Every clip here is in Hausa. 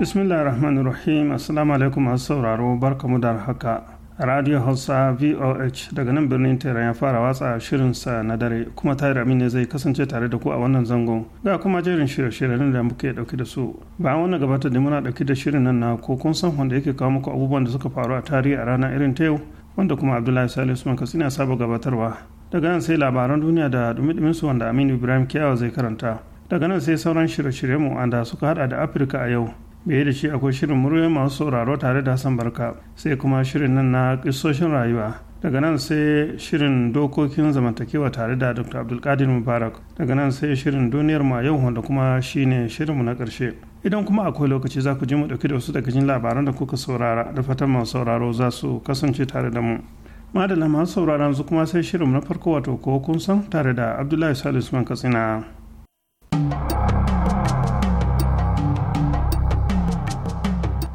bismillah rahman rahim assalamu alaikum masu sauraro barkamu da haka radio hausa voh daga nan birnin tehran ya fara watsa shirinsa na dare kuma tare amin zai kasance tare da ku a wannan zangon ga kuma jerin shirye-shiryen da muke dauke da su bayan wannan gabatar da muna dauke da shirin nan na ko kun san wanda yake kawo muku abubuwan da suka faru a tarihi a rana irin ta yau wanda kuma abdullahi salisu usman katsina saba gabatarwa daga nan sai labaran duniya da dumi su wanda aminu ibrahim kiyawa zai karanta daga nan sai sauran shirye-shiryenmu wanda suka hada da afirka a yau biye da shi akwai shirin murya masu sauraro tare da hassan barka sai kuma shirin nan na kisoshin rayuwa daga nan sai shirin dokokin zamantakewa tare da dr abdulkadir mubarak daga nan sai shirin duniyar ma yau wanda kuma shine shirinmu na karshe idan kuma akwai lokaci za ku ji mu ɗauki da wasu daga jin labaran da kuka saurara da fatan masu sauraro za su kasance tare da mu madalla masu sauraron su kuma sai shirinmu na farko wato ko kun san tare da abdullahi salisu man katsina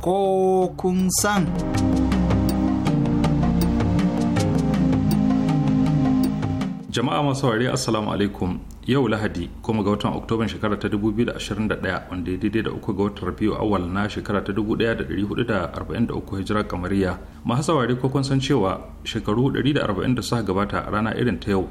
ko kun san. Jama'a masu wari Assalamu alaikum yau Lahadi kuma ga watan Oktoban shekara ta 2021 wanda ya daidai da uku ga watan Rabiu awal na shekara ta 1443 hijira kamariya. Masu saurari ko kun san cewa shekaru 140 da suka gabata a rana irin ta yau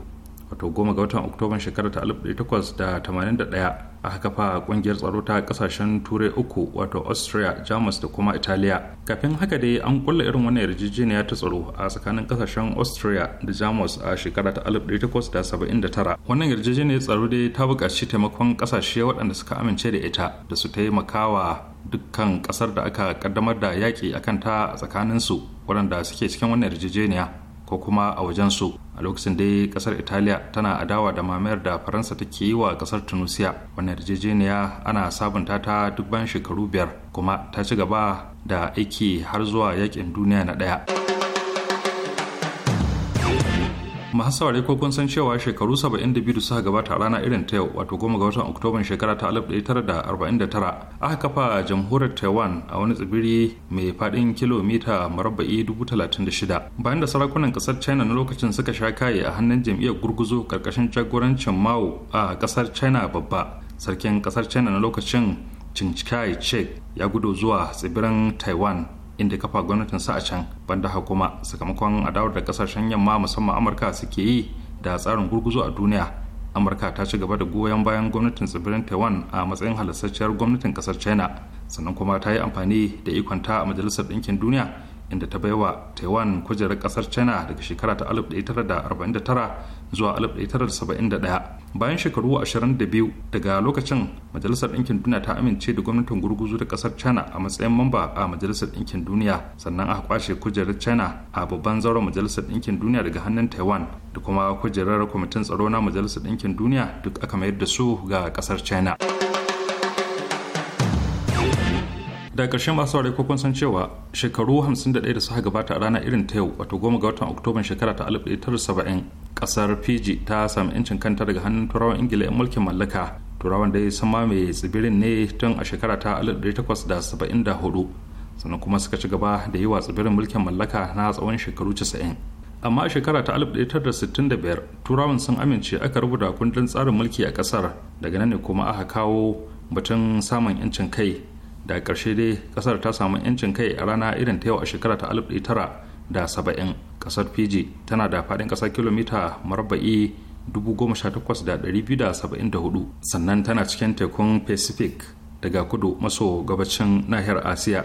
wato goma ga watan Oktoban shekara ta 1881 a haka fa kungiyar tsaro ta kasashen turai uku wato austria jamus da kuma italiya kafin haka dai an kulla irin wannan yarjejeniya ta tsaro a tsakanin kasashen austria da jamus a shekara ta 1879 wannan yarjejeniyar tsaro dai ta buƙaci taimakon kasashe waɗanda suka amince da ita da su taimakawa dukkan ƙasar da aka ƙaddamar da yaƙi akan ta a tsakaninsu waɗanda suke cikin wannan yarjejeniya ko kuma a wajensu a lokacin dai kasar italiya tana adawa da mamayar da faransa take yi wa kasar tunisia wannan yarjejeniya ana sabunta ta duk bayan shekaru biyar kuma ta ci gaba da aiki har zuwa yakin duniya na ɗaya. Mahasawar ya ko kun san cewa shekaru 72 da suka gabata rana irin ta yau wato goma ga watan oktoban shekara ta 1949 aka kafa jamhuriyar taiwan a wani tsibiri mai faɗin kilomita marabba'i 36 bayan da sarakunan kasar china na lokacin suka sha kaye a hannun jam'iyyar gurguzo karkashin jagorancin mao a kasar china babba sarkin kasar china na lokacin cincikai chek ya gudu zuwa tsibirin taiwan inda kafa gwamnatin sa a can banda hukuma sakamakon adawar da kasashen yamma musamman amurka suke yi da tsarin gurguzu a duniya amurka ta ci gaba da goyon bayan gwamnatin tsibirin taiwan a matsayin halassacciyar gwamnatin kasar china sannan kuma ta yi amfani da ikonta a majalisar ɗinkin duniya inda ta baiwa taiwan kujerar kasar china daga shekara ta 1949 zuwa 1971 bayan shekaru 22 daga lokacin majalisar ɗinkin duniya ta amince da gwamnatin gurguzu da kasar china a matsayin mamba a majalisar ɗinkin duniya sannan aka kwashe kujerar china a babban zauren majalisar ɗinkin duniya daga hannun taiwan da kuma kujerar kwamitin tsaro na majalisar ɗinkin duniya duk aka mayar da su ga kasar china. da ƙarshen masu ware ko san cewa shekaru 51 da suka gabata a rana irin ta yau wato goma ga watan oktoban shekara ta 1970 kasar fiji ta sami 'yancin kanta daga hannun turawan ingila 'yan mulkin mallaka turawan dai sun mamaye tsibirin ne tun a shekara ta 1874 sannan kuma suka ci gaba da yi wa tsibirin mulkin mallaka na tsawon shekaru 90 amma a shekara ta 1965 turawan sun amince aka rubuta kundin tsarin mulki a kasar daga nan ne kuma aka kawo batun samun 'yancin kai da ƙarshe dai ƙasar ta samu 'yancin kai a rana irin ta yau a shekara ta 1970 ƙasar fiji tana da faɗin ƙasa kilomita marabba'i 18,274 sannan tana cikin tekun pacific daga kudu maso gabacin nahiyar asiya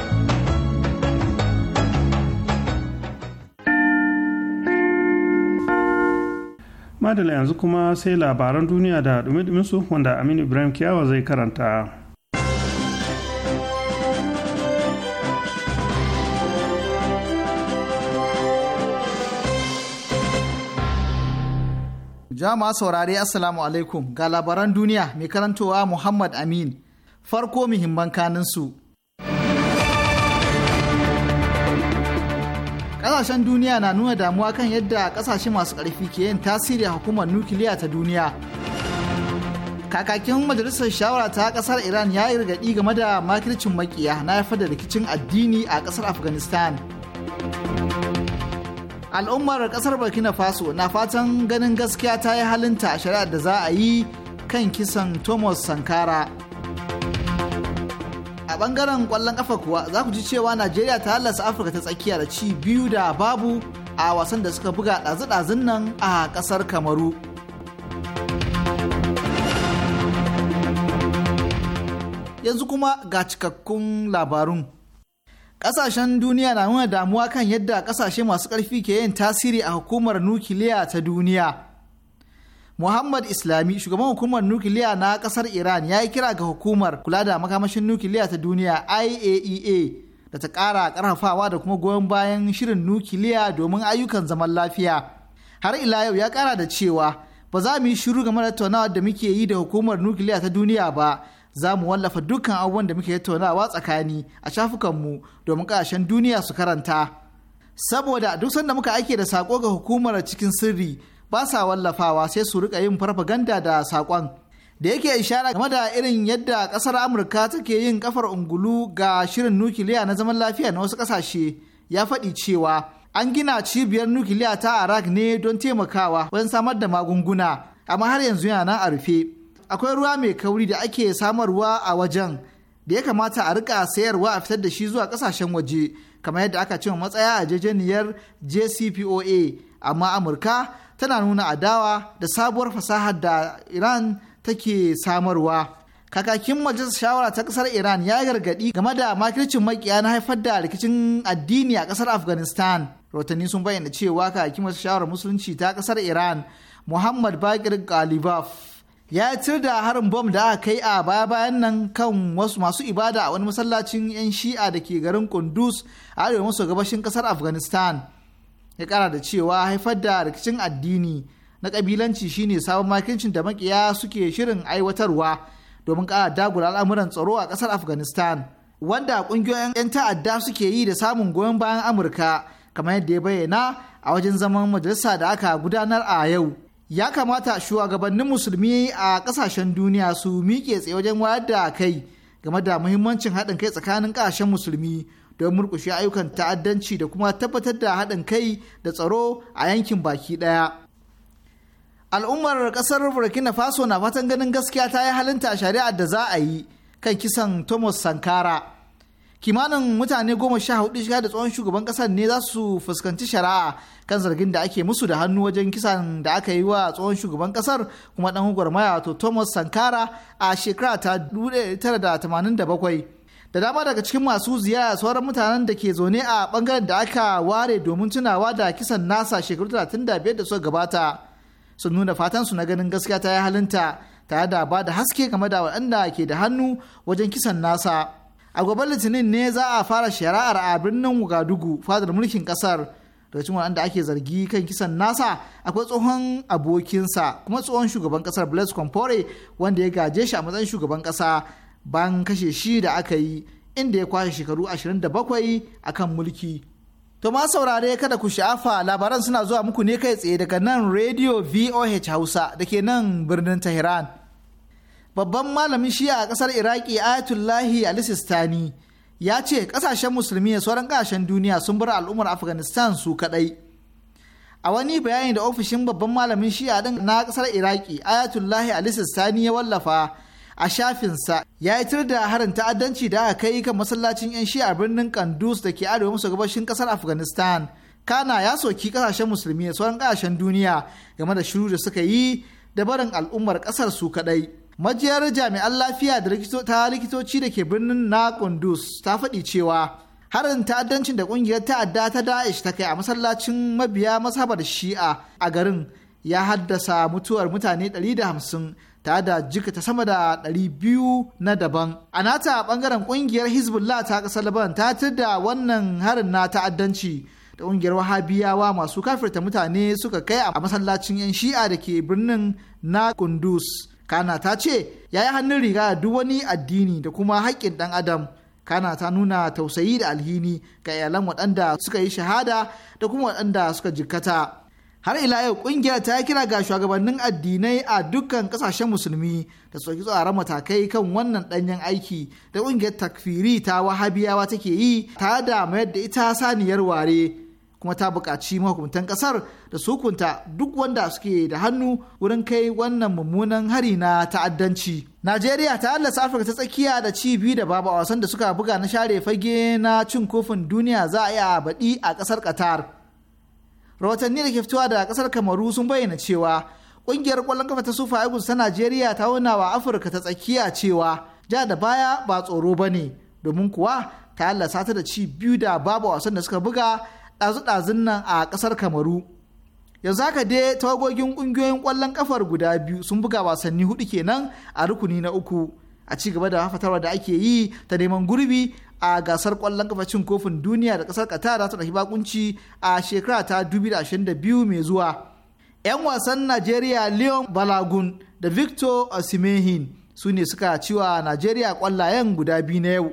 madala yanzu kuma sai labaran duniya da dumi su wanda aminu ibrahim kiyawa zai karanta jama'a saurari assalamu alaikum ga labaran duniya mai karantowa muhammad amin farko muhimman kanin su kasashen duniya na nuna damuwa kan yadda kasashe masu ƙarfi ke yin tasiri a hukumar nukiliya ta duniya kakakin majalisar shawara ta kasar iran ya yi gargaɗi game da makircin makiya na haifar da rikicin addini a kasar afghanistan al'ummar kasar burkina faso na fatan ganin gaskiya ta yi halinta a shari'ar da za a yi kan kisan thomas sankara a bangaren kwallon kafa kuwa za ku ji cewa najeriya ta halasta afirka ta tsakiya da ci biyu da babu a wasan da suka buga ɗazu-ɗazun nan a ƙasar kamaru yanzu kuma ga cikakkun labarun ƙasashen duniya na nuna damuwa kan yadda ƙasashe masu ƙarfi ke yin tasiri a hukumar nukiliya ta duniya Muhammad Islami shugaban hukumar nukiliya na kasar Iran ya yi kira ga hukumar kula da makamashin nukiliya ta duniya IAEA e da ta ƙara ƙarfafawa da kuma goyon bayan shirin nukiliya domin ayyukan zaman lafiya. Har ila yau ya ƙara da cewa ba za mu yi shiru game da tattaunawa da muke yi da hukumar nukiliya ta duniya ba za mu wallafa dukkan abubuwan da muke tattaunawa tsakani a shafukanmu domin ƙasashen duniya su karanta. Saboda duk sanda muka ake da sako ga hukumar cikin sirri ba sa wallafawa sai su rika yin farfaganda da saƙon da yake ishara game da irin yadda ƙasar amurka take yin kafar ungulu ga shirin nukiliya na zaman lafiya na wasu ƙasashe ya faɗi cewa an gina cibiyar nukiliya ta iraq ne don taimakawa wajen samar da magunguna amma har yanzu yana nan a rufe akwai ruwa mai kauri da ake samarwa a wajen da ya kamata a rika sayarwa a fitar da shi zuwa ƙasashen waje kamar yadda aka ce matsaya a jejeniyar jcpoa amma amurka tana nuna adawa da sabuwar fasahar da Iran take samarwa. Kakakin majalisar shawara ta kasar Iran ya gargaɗi game da makircin makiya na haifar da rikicin addini a kasar Afghanistan. Rotanni sun bayyana cewa kakakin majalisar shawarar musulunci ta kasar Iran Muhammad Bakir Galibaf ya cir da harin bom da aka kai a baya-bayan nan kan wasu masu ibada a wani masallacin 'yan shi'a da ke garin kunduz a arewa maso gabashin kasar afghanistan ya kara da cewa haifar da rikicin addini na kabilanci shine sabon makincin da makiya suke shirin aiwatarwa domin kara dagula al'amuran tsaro a kasar afghanistan wanda kungiyoyin 'yan ta'adda suke yi da samun goyon bayan amurka kamar yadda ya bayyana a wajen zaman majalisa da aka gudanar a yau ya kamata shugabannin musulmi a kasashen duniya su miƙe tsaye wajen wayar da kai game da muhimmancin haɗin kai tsakanin ƙasashen musulmi don murkushe ayyukan ta'addanci da kuma tabbatar da haɗin kai da tsaro a yankin baki ɗaya. Al'ummar ƙasar Burkina Faso na fatan ganin gaskiya ta yi halinta a shari'ar da za a yi kan kisan Thomas Sankara. Kimanin mutane goma sha hudu shiga da tsohon shugaban ƙasar ne za su fuskanci shari'a kan zargin da ake musu da hannu wajen kisan da aka yi wa tsohon shugaban ƙasar kuma ɗan gwagwarmaya wato Thomas Sankara a shekara ta 1987. da dama daga cikin masu ziyara sauran mutanen da ke zaune a bangaren da aka ware domin tunawa da kisan nasa shekaru 35 da suka gabata sun nuna fatan su na ganin gaskiya ta yi halinta tare da ba da haske game da waɗanda ke da hannu wajen kisan nasa a gobe litinin ne za a fara shari'ar a birnin wagadugu fadar mulkin kasar daga cikin waɗanda ake zargi kan kisan nasa akwai tsohon abokinsa kuma tsohon shugaban kasar blaise compaore wanda ya gaje shi a matsayin shugaban kasa bayan kashe shi da aka yi inda ya kwashe shekaru 27 kan mulki. To ma saurare kada ku sha'afa labaran suna zuwa muku ne kai tsaye daga nan Radio VOH Hausa da ke nan birnin Tehran. Babban malamin Shia a ƙasar Iraki Ayatullahi alisistani ya ce ƙasashen musulmi da sauran ƙasashen duniya sun bar al'ummar Afghanistan su kaɗai. A wani bayani da ofishin babban malamin shi'a din na ƙasar Iraki Ayatullahi Ali Sistani ya wallafa a shafinsa ya yi itar da harin ta'addanci da aka kai kan masallacin 'yan a birnin kandus da ke arewa maso gabashin kasar afghanistan kana ya soki kasashen musulmi da sauran kasashen duniya game da shiru da suka yi da barin al'ummar kasar su kadai majiyar jami'an lafiya da ta likitoci da ke birnin na kundus ta faɗi cewa harin ta'addancin da kungiyar ta'adda ta da'ish ta kai a masallacin mabiya masabar shi'a a garin ya haddasa mutuwar mutane 150 ta da jikata sama da 200 na daban. A nata ɓangaren ƙungiyar Hezbollah ta kasar laban ta da wannan harin na ta'addanci da ƙungiyar Wahabiyawa masu kafirta mutane suka kai a masallacin 'yan Shi'a da ke birnin na Kunduz. Kana ta ce ya yi hannun riga duk wani addini da kuma haƙƙin ɗan adam. Kana ta nuna tausayi da alhini ga iyalan waɗanda suka yi shahada da kuma waɗanda suka jikkata. har ila yau kungiyar ta kira ga shugabannin addinai a dukkan kasashen musulmi da su tsaron matakai kan wannan ɗanyen aiki da kungiyar takfiri ta wahabiyawa take yi ta da mayar da ita saniyar ware kuma ta buƙaci mahukuntan ƙasar da sukunta duk wanda suke da hannu wurin kai wannan mummunan hari na ta'addanci. Najeriya ta allasa Afirka ta tsakiya da cibi da babu a wasan da suka buga na share fage na cin kofin duniya za a yi a baɗi a ƙasar Qatar. rahotanni da ke fitowa daga kasar kamaru sun bayyana cewa kungiyar kwallon kafa ta sufa eagles ta najeriya ta wuna wa afirka ta tsakiya cewa ja da baya ba tsoro ba ne domin kuwa ta allasa ta da ci biyu da babu wasan da suka buga ɗazu-ɗazun nan a kasar kamaru yanzu haka dai tawagogin ƙungiyoyin ƙwallon ƙafar guda biyu sun buga wasanni hudu kenan a rukuni na uku a ci gaba da fatarwa da ake yi ta neman gurbi a gasar kwallon kafa cin kofin duniya da kasar Qatar za ta ɗauki bakunci a shekara ta 2022 mai zuwa. 'Yan wasan Najeriya Leon Balagun da Victor Osimhen su ne suka wa Najeriya kwallayen guda biyu na yau.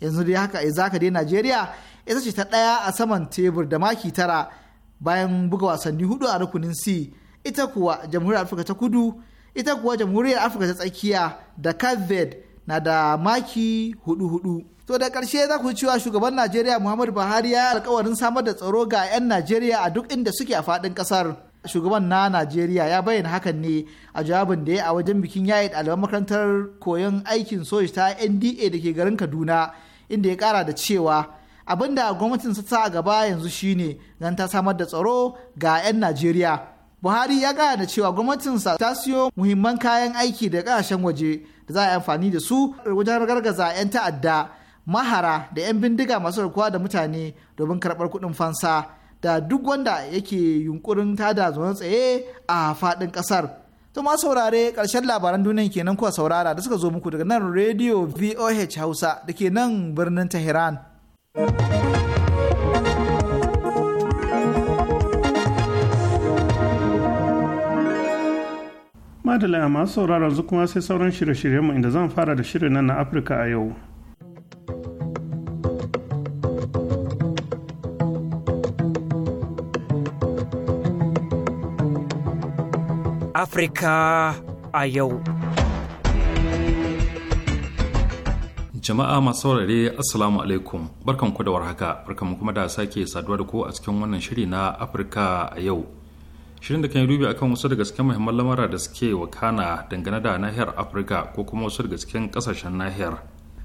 Yanzu dai haka izaka dai Najeriya ita ce ta ɗaya a saman tebur da maki tara bayan buga wasanni hudu a rukunin C. Ita kuwa Jamhuriyar Afirka ta Kudu, ita kuwa Jamhuriyar Afirka ta Tsakiya da Cape na da maki hudu-hudu. To da karshe za ku cewa shugaban Najeriya Muhammadu Buhari ya alkawarin samar da tsaro ga 'yan Najeriya a duk inda suke a faɗin ƙasar. Shugaban na Najeriya ya bayyana hakan ne a jawabin da ya a wajen bikin yayi ɗaliban makarantar koyon aikin soji ta NDA da ke garin Kaduna inda ya kara da cewa abin da gwamnatin sa a gaba yanzu shine don ta samar da tsaro ga 'yan Najeriya. Buhari ya kara da cewa gwamnatinsa ta siyo muhimman kayan aiki da ƙasashen waje da za a yi amfani da su wajen gargaza 'yan ta'adda mahara da 'yan bindiga masu garkuwa da mutane domin karɓar kuɗin fansa da duk wanda yake yunkurin tada zuwa tsaye a faɗin ƙasar. To ma saurare ƙarshen labaran duniyan kenan kuwa saurara da suka zo muku daga nan Radio VOH Hausa da ke nan birnin Tehran. Madalaya masu sauraron kuma sai sauran shirye-shiryenmu inda zan fara da shirin nan na Afirka a yau. Afirka a yau. Jama'a masu saurare Assalamu alaikum barkanku da warhaka barkanku kuma da sake saduwa da ku a cikin wannan shiri na Afirka a yau. Shirin da kan yi dubi akan wasu daga cikin muhimman lamura da suke wakana dangane da nahiyar Afirka ko kuma wasu daga cikin kasashen nahiyar.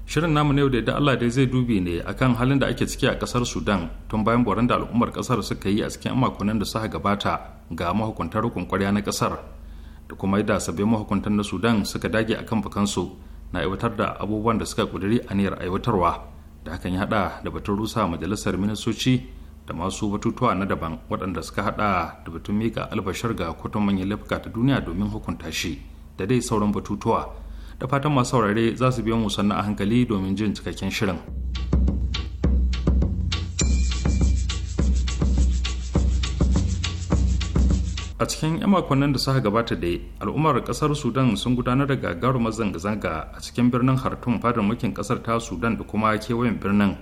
Shirin namu ne da Allah dai zai dubi ne akan halin da ake ciki a kasar Sudan tun bayan boran da al'ummar kasar suka yi a cikin makonnin da suka gabata ga mahukuntar rukun na kasar. da kuma yadda sabbin mahukuntan na sudan suka dage akan bakansu na aiwatar da abubuwan da suka kuduri aniyar aiwatarwa da hakan ya hada da batun rusa majalisar ministoci da masu batutuwa na daban waɗanda suka hada da batun mika albashar ga kotun manyan laifuka ta duniya domin hukunta shi da dai sauran batutuwa da fatan masu saurare za su biyan mu sannan a hankali domin jin cikakken shirin. a cikin 'yan makonnin da suka gabata da al'ummar kasar sudan sun gudanar da gagarumar zanga-zanga a cikin birnin hartun fadar mulkin kasar ta sudan da kuma kewayen birnin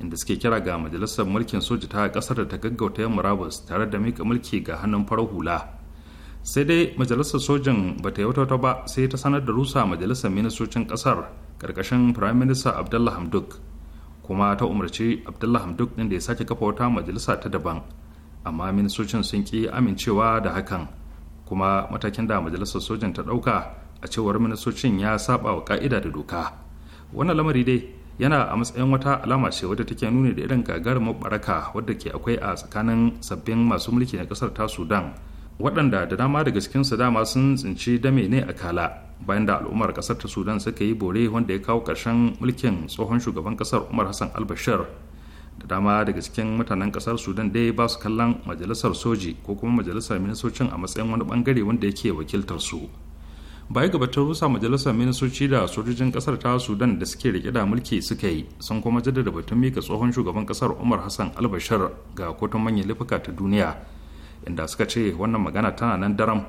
inda suke kira ga majalisar mulkin soja ta kasar da ta gaggauta yan murabus tare da mika mulki ga hannun farar hula sai dai majalisar sojin ba ta yi wata ba sai ta sanar da rusa majalisar ministocin kasar karkashin firayim minista abdullah hamduk kuma ta umarci abdullah hamduk din da ya sake kafa wata majalisa ta daban amma ministocin sun ki amincewa da hakan kuma matakin da majalisar sojan ta ɗauka a cewar ministocin ya saba wa ka'ida da doka wannan lamari dai yana a matsayin wata alama ce wadda take nuni da irin gagarumar baraka wadda ke akwai a tsakanin sabbin masu mulki na kasar ta sudan waɗanda da dama daga su dama sun tsinci dame ne a kala bayan da al'ummar kasar ta sudan suka yi bore wanda ya kawo ƙarshen mulkin tsohon shugaban kasar umar hassan albashir da dama daga cikin mutanen kasar sudan dai ba su kallon majalisar soji ko kuma majalisar ministocin a matsayin wani bangare wanda yake wakiltar su baya gabatar rusa majalisar ministoci da sojojin kasar ta sudan da suke rike da mulki suka yi sun kuma jaddada batun mika tsohon shugaban kasar umar hassan albashir ga kotun manyan laifuka ta duniya inda suka ce wannan magana tana nan daram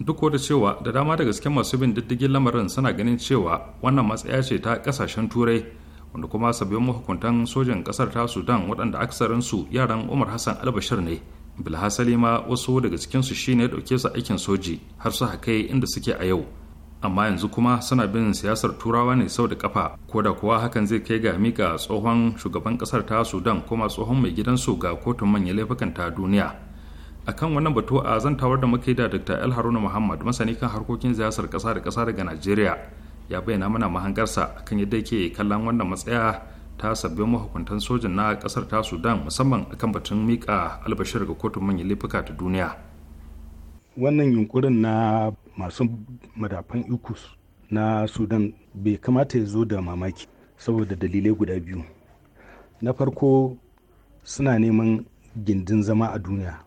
duk da cewa da dama da gaske masu bin diddigin lamarin suna ganin cewa wannan matsaya ce ta kasashen turai wanda kuma sabbin mahukuntan sojan kasar ta sudan waɗanda aksarin su yaran umar hassan albashir ne bilhassali ma wasu daga cikinsu shine ya ɗauke su aikin soji har su kai inda suke a yau amma yanzu kuma suna bin siyasar turawa ne sau da kafa ko da kuwa hakan zai kai ga mika tsohon shugaban kasar ta sudan kuma tsohon mai gidansu ga kotun manyan laifukan ta duniya akan wannan batu a zantawar da muka yi da dr el haruna muhammad masani kan harkokin siyasar kasa da kasa daga najeriya ya bayyana mana mahangarsa kan yadda yake kallon wannan matsaya ta sabbin mahukuntan sojan na kasar ta sudan musamman akan batun mika albashir ga kotun manyan laifuka ta duniya wannan yunkurin na masu madafan ikus na sudan bai kamata ya zo da mamaki saboda dalilai guda biyu na farko suna neman gindin zama a duniya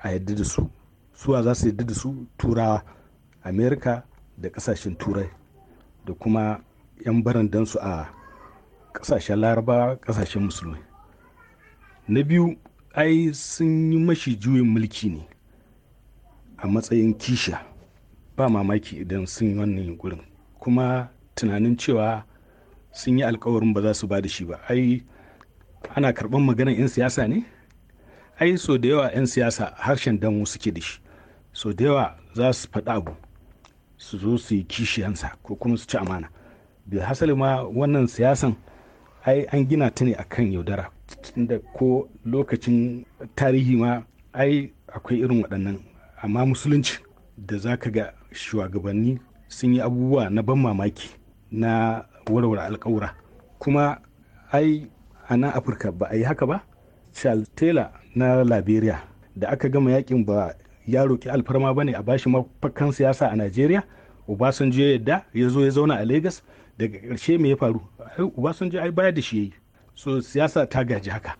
a yadda da su suwa za su yadda da su turawa amerika da kasashen turai da kuma 'yan barandansu a ƙasashen laraba ƙasashen musulmi na biyu ai sun yi mashi juyin mulki ne a matsayin kisha ba mamaki idan sun yi wannan yunkurin kuma tunanin cewa sun yi alkawarin ba za su ba da shi ba ai ana karɓar maganar 'yan siyasa ne ai so da yawa 'yan siyasa harshen damu suke da shi so da yawa za su faɗa abu su zo su yi kishiyansa ko kuma su ci amana bil hasali ma wannan siyasan ai an gina ta ne akan yaudara da ko lokacin tarihi ma ai akwai irin waɗannan amma musulunci da za ka ga shugabanni sun yi abubuwa na ban mamaki na warware alkawura kuma ai a nan afirka ba a yi haka ba charles taylor na liberia da aka gama yakin ba ya roki alfarma ba ne a bashi mafakan siyasa a najeriya obasanjo ya yadda ya zo ya zauna a lagos daga ƙarshe me ya faru obasanjo ai baya da shi ya yi so siyasa ta gaji haka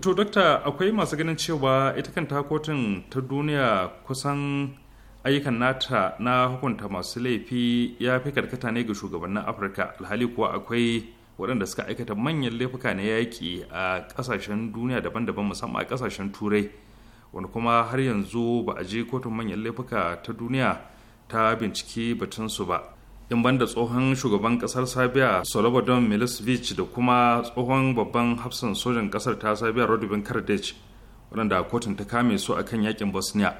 to dokta akwai masu ganin cewa ita kanta kotun ta duniya kusan ayyukan nata na hukunta masu laifi ya fi karkata ne ga shugabannin afirka alhali kuwa akwai waɗanda suka aikata manyan laifuka na yaƙi a ƙasashen duniya daban-daban musamman a ƙasashen turai wani kuma har yanzu ba a je kotun manyan laifuka ta duniya ta binciki batunsu ba in banda tsohon shugaban kasar sabiya solobodon milosevic da kuma tsohon babban hafsan sojan kasar ta sabiya rodobin kardec waɗanda kotun ta kame su akan yakin bosnia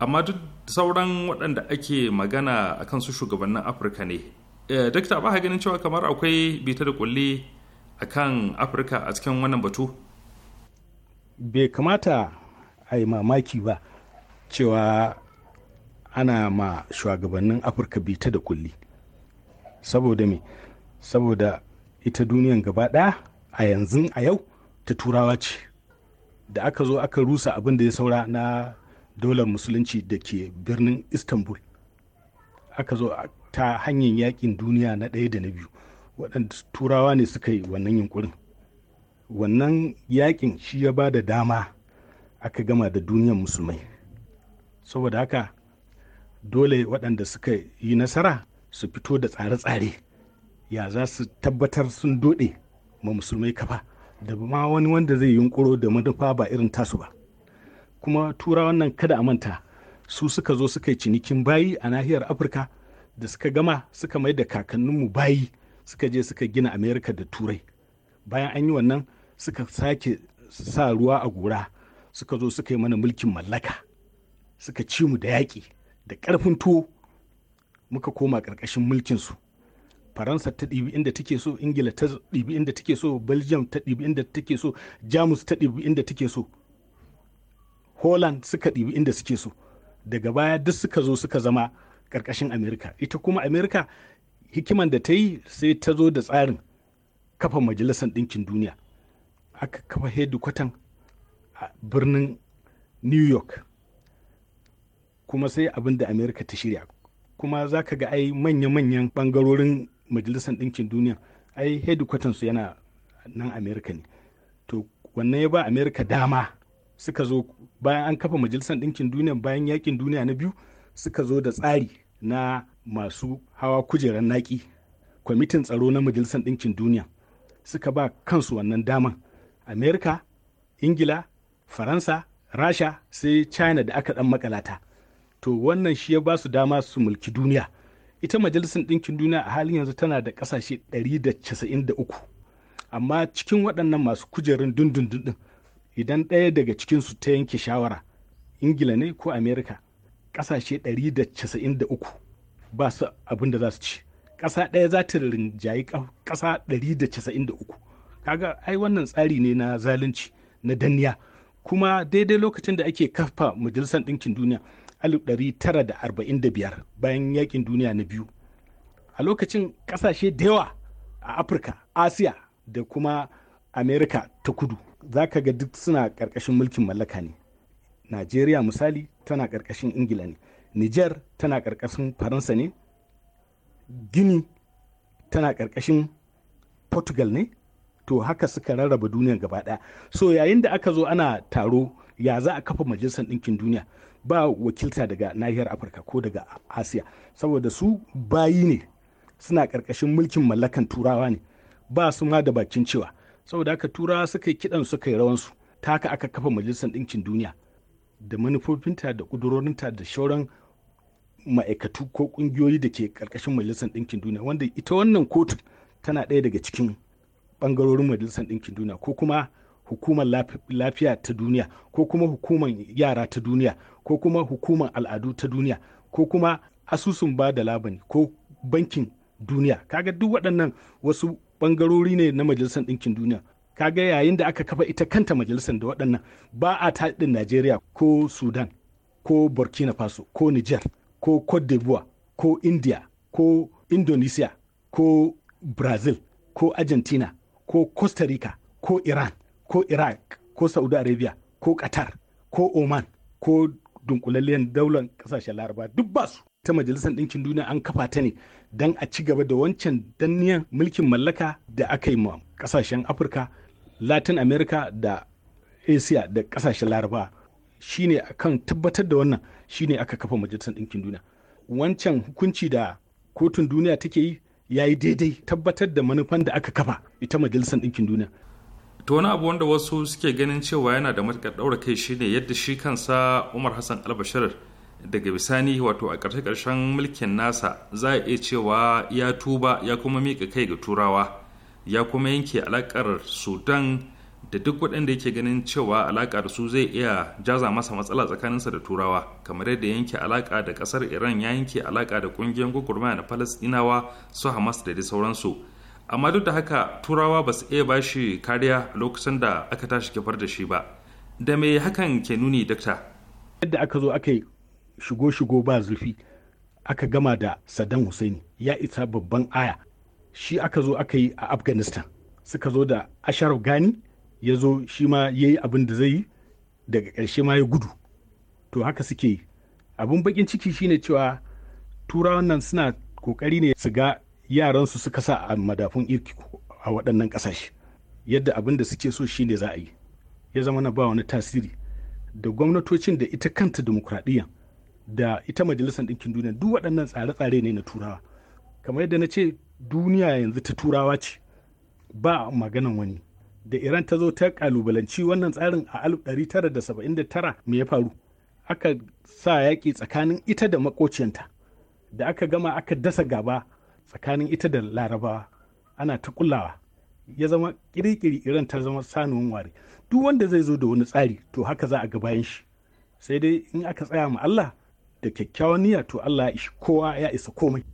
amma duk sauran waɗanda ake magana akan su shugabannin afirka ne eh, dakta ba ganin cewa kamar akwai bita da kulli akan afirka a cikin wannan batu bai kamata a yi mamaki ba cewa ana ma shugabannin afirka bita da kulli saboda me saboda ita duniyan gaba ɗaya a yanzu a yau ta turawa ce da aka zo aka rusa abin da ya saura na dolar musulunci da ke birnin istanbul aka zo ta hanyar yakin duniya na ɗaya da na biyu waɗanda turawa ne suka yi wannan yunkurin wannan yakin shi ya ba da dama aka gama da duniyar musulmai saboda haka dole waɗanda suka yi nasara su fito da tsare-tsare ya za su tabbatar sun doɗe ma musulmai kafa da ma wani wanda zai yunkuro da manufa ba irin tasu ba kuma tura wannan kada a manta su suka zo suka yi cinikin bayi a nahiyar afirka da suka gama suka mai da kakanninmu bayi suka je suka gina amerika da turai bayan an yi wannan suka sake sa ruwa a gora suka zo suka yi mana mulkin mallaka suka ci mu da yaƙi da ƙarfin tuwo muka koma ƙarƙashin mulkinsu faransa ta ɗibi inda take so ingila ta ɗibi inda take so belgium ta ɗibi inda take so jamus ta ɗibi inda take so holland suka ɗibi inda suke so daga baya duk suka zo suka zama ƙarƙashin amerika ita kuma amerika hikiman da ta yi sai ta zo da tsarin kafa majalisar ɗinkin duniya aka kafa hedikwatan a birnin new york kuma sai abin da amerika ta shirya kuma za ka ga ai manya-manyan bangarorin majalisar ɗinkin duniya ai su yana nan amerika ne to wannan ya ba amerika dama suka zo bayan an kafa majalisar ɗinkin duniya bayan yakin duniya na biyu suka zo da tsari na masu hawa kujerar naki kwamitin tsaro na majalisar ɗinkin duniya suka ba kansu wannan daman amerika ingila faransa rasha sai china da aka dan makalata to wannan shi ya ba su dama su mulki duniya ita majalisar ɗinkin duniya a halin yanzu tana da ƙasashe 193 amma cikin waɗannan masu kujerun dundundun idan ɗaya daga cikinsu ta yanke shawara ingila ne ko amerika ƙasashe 193 ba su abin da za su ci ƙasa ɗaya za ta rinjayi ƙasa 193 kaga ai wannan tsari ne na zalunci na danniya kuma daidai lokacin da ake kafa majalisar ɗinkin duniya 1945 bayan yakin duniya na biyu a lokacin ƙasashe da yawa a afirka asiya da kuma amerika ta kudu za ka ga duk suna ƙarƙashin mulkin mallaka ne najeriya misali tana ƙarƙashin ingila ne niger tana ƙarƙashin faransa ne gini tana ƙarƙashin portugal ne to haka suka rarraba duniya gaba ɗaya so yayin da aka zo ana taro ya za a kafa majalisar ɗinkin duniya ba wakilta daga nahiyar afirka ko daga asiya saboda su bayi ne suna ƙarƙashin mulkin mallakan turawa ne ba su ma da bakin cewa saboda haka turawa suka yi kiɗan suka yi rawansu ta haka aka kafa majalisar ɗinkin duniya da manufofinta da ƙudurorinta da shauran ma'aikatu ko ƙungiyoyi da ke ƙarƙashin majalisar ɗinkin duniya wanda ita wannan kotu tana ɗaya daga cikin bangarorin majalisar ɗinkin duniya ko kuma hukumar lafiya ta duniya ko kuma hukumar yara ta duniya ko kuma hukumar al'adu ta duniya ko kuma asusun ba da labani ko bankin duniya kaga duk waɗannan wasu bangarori ne na majalisar ɗinkin duniya kaga yayin da aka kafa ita kanta majalisar da waɗannan ba a taɗin najeriya ko sudan ko burkina faso ko niger ko cote d'ivoire ko india ko indonesia ko brazil ko argentina ko costa rica ko iran ko iraq ko saudi arabia ko qatar ko oman ko dunkulalliyar daular kasashen laraba duk basu. su ta majalisar ɗinkin duniya an kafa ta ne don a ci gaba da wancan danniyan mulkin mallaka da aka yi ma kasashen afirka latin america da asia da kasashen laraba shine akan tabbatar da wannan shine aka kafa majalisar ɗinkin duniya wancan hukunci da kotun duniya take yi ya yi daidai tabbatar da manufan da aka kafa ita majalisar ɗinkin duniya to wani abu wanda wasu suke ganin cewa yana da matuƙar ɗaura kai shine yadda shi kansa umar hassan albashir daga bisani wato a ƙarshe ƙarshen mulkin nasa za a iya cewa ya tuba ya kuma miƙa kai ga turawa ya kuma yanke alaƙar sudan da duk waɗanda yake ganin cewa alaƙa da su zai iya jaza masa matsala tsakaninsa da turawa kamar yadda yanke alaƙa da ƙasar iran ya yanke alaƙa da ƙungiyar gwagwarmaya na falastinawa su hamas da sauransu amma duk da haka turawa ba su iya ba shi kariya lokacin da aka tashi kifar da shi ba da me hakan ke nuni dakta yadda aka zo aka shigo shigo ba zurfi aka gama da saddam hussein ya isa babban aya shi aka zo aka yi a afghanistan suka zo da asharaf gani ya zo shi ma ya yi abin da zai yi daga ƙarshe ma ya gudu to haka suke yi abin bakin ciki shine cewa turawan nan suna kokari ne su ga yaransu suka sa a madafun irki a waɗannan ƙasashe yadda abin da suke so shine za a yi ya zama na ba wani tasiri da gwamnatocin da ita kanta demokradiyya da ita majalisar ɗinkin duniya duk waɗannan tsare-tsare ne na turawa kamar yadda na ce duniya yanzu ta turawa ce ba maganan wani da iran ta zo ta kalubalanci wannan tsarin a 1979 me ya faru aka sa yaƙi tsakanin ita da makociyanta da aka gama aka dasa gaba tsakanin ita da larabawa ana ta kullawa ya zama kirikiri iran ta zama sanuwan ware duk wanda zai zo da wani tsari to haka za a ga bayan shi sai dai in aka tsaya ma Allah da kyakkyawan niyya to Allah ya ishi kowa ya isa komai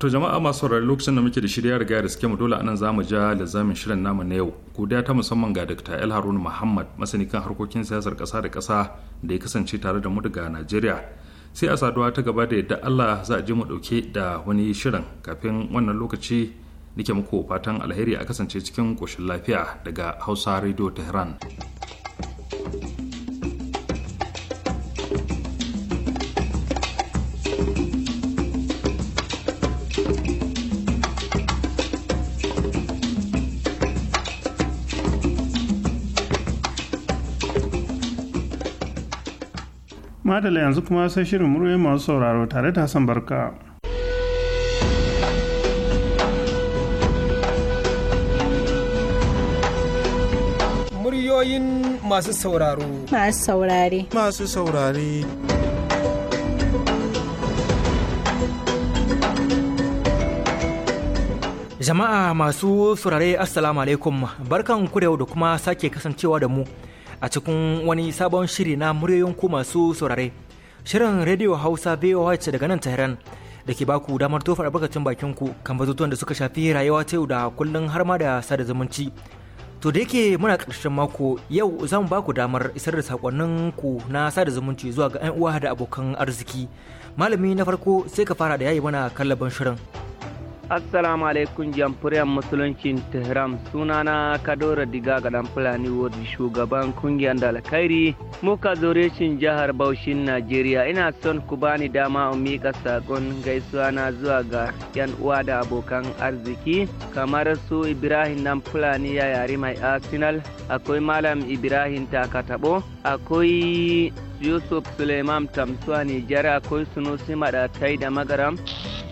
To jama'a masu saurari lokacin da muke da shirya riga da suke mu dole anan mu ja lazamin shirin namu na yau. Godiya ta musamman ga Dr. El Harun Muhammad masani kan harkokin siyasar kasa da kasa da ya kasance tare da mu daga Najeriya. Sai a saduwa ta gaba da yadda Allah za a je mu ɗauke da wani shirin kafin wannan lokaci nake muku fatan alheri a kasance cikin koshin lafiya daga Hausa Radio Tehran. madala yanzu kuma sai shirin muryoyi masu sauraro tare da hassan barka muryoyin masu sauraro masu saurare masu saurare jama'a masu saurare assalamu alaikum barkan ku da kuma sake kasancewa da mu a cikin wani sabon shiri na muryoyin ku masu saurare. Shirin Radio Hausa VOH daga nan Tehran da ke baku damar tofa albarkacin bakin ku kan batutuwan da suka shafi rayuwa ta yau da kullun har ma da sada zumunci. To da yake muna ƙarshen mako yau za mu baku damar isar da sakonnin ku na sada zumunci zuwa ga 'yan uwa da abokan arziki. Malami na farko sai ka fara da yayi mana kallaban shirin. assalamu alaikum jamfuriyar musuluncin tehran sunana kadora diga ga dan fulani wadda shugaban kungiyar da alkhairi muka zore shin jihar baushin najeriya ina son ku bani dama in mika saƙon gaisuwa na zuwa ga yan uwa da abokan arziki kamar su ibrahim dan fulani ya yari mai arsenal akwai malam ibrahim takatabo akwai yusuf suleiman tamsuwa nijar akwai sunusi yi da magaram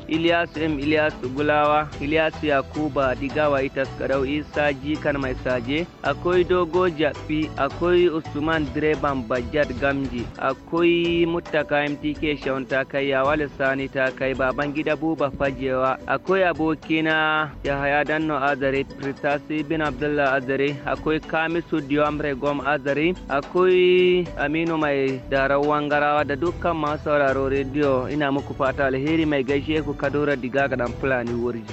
Ilyasu M Ilyasu Gulawa, Ilyasu Yakuba Digawa Itas Karau Isa Jikan Mai Saje, akwai Dogo Jafi, akwai Usman Direban Bajad Gamji, akwai Muttaka MTK Shawun Takayya Wale Sani Takai Baban Gida Buba Fajewa, akwai abokina Yahaya Danno Azare, Pritasi Bin Abdullah Azare, akwai Kamisu Diwamre Gom Azare, akwai Aminu Mai Darawan Garawa da dukkan masu sauraro rediyo ina muku fata alheri mai gaishe ku kadora diga ga dan fulani wuri.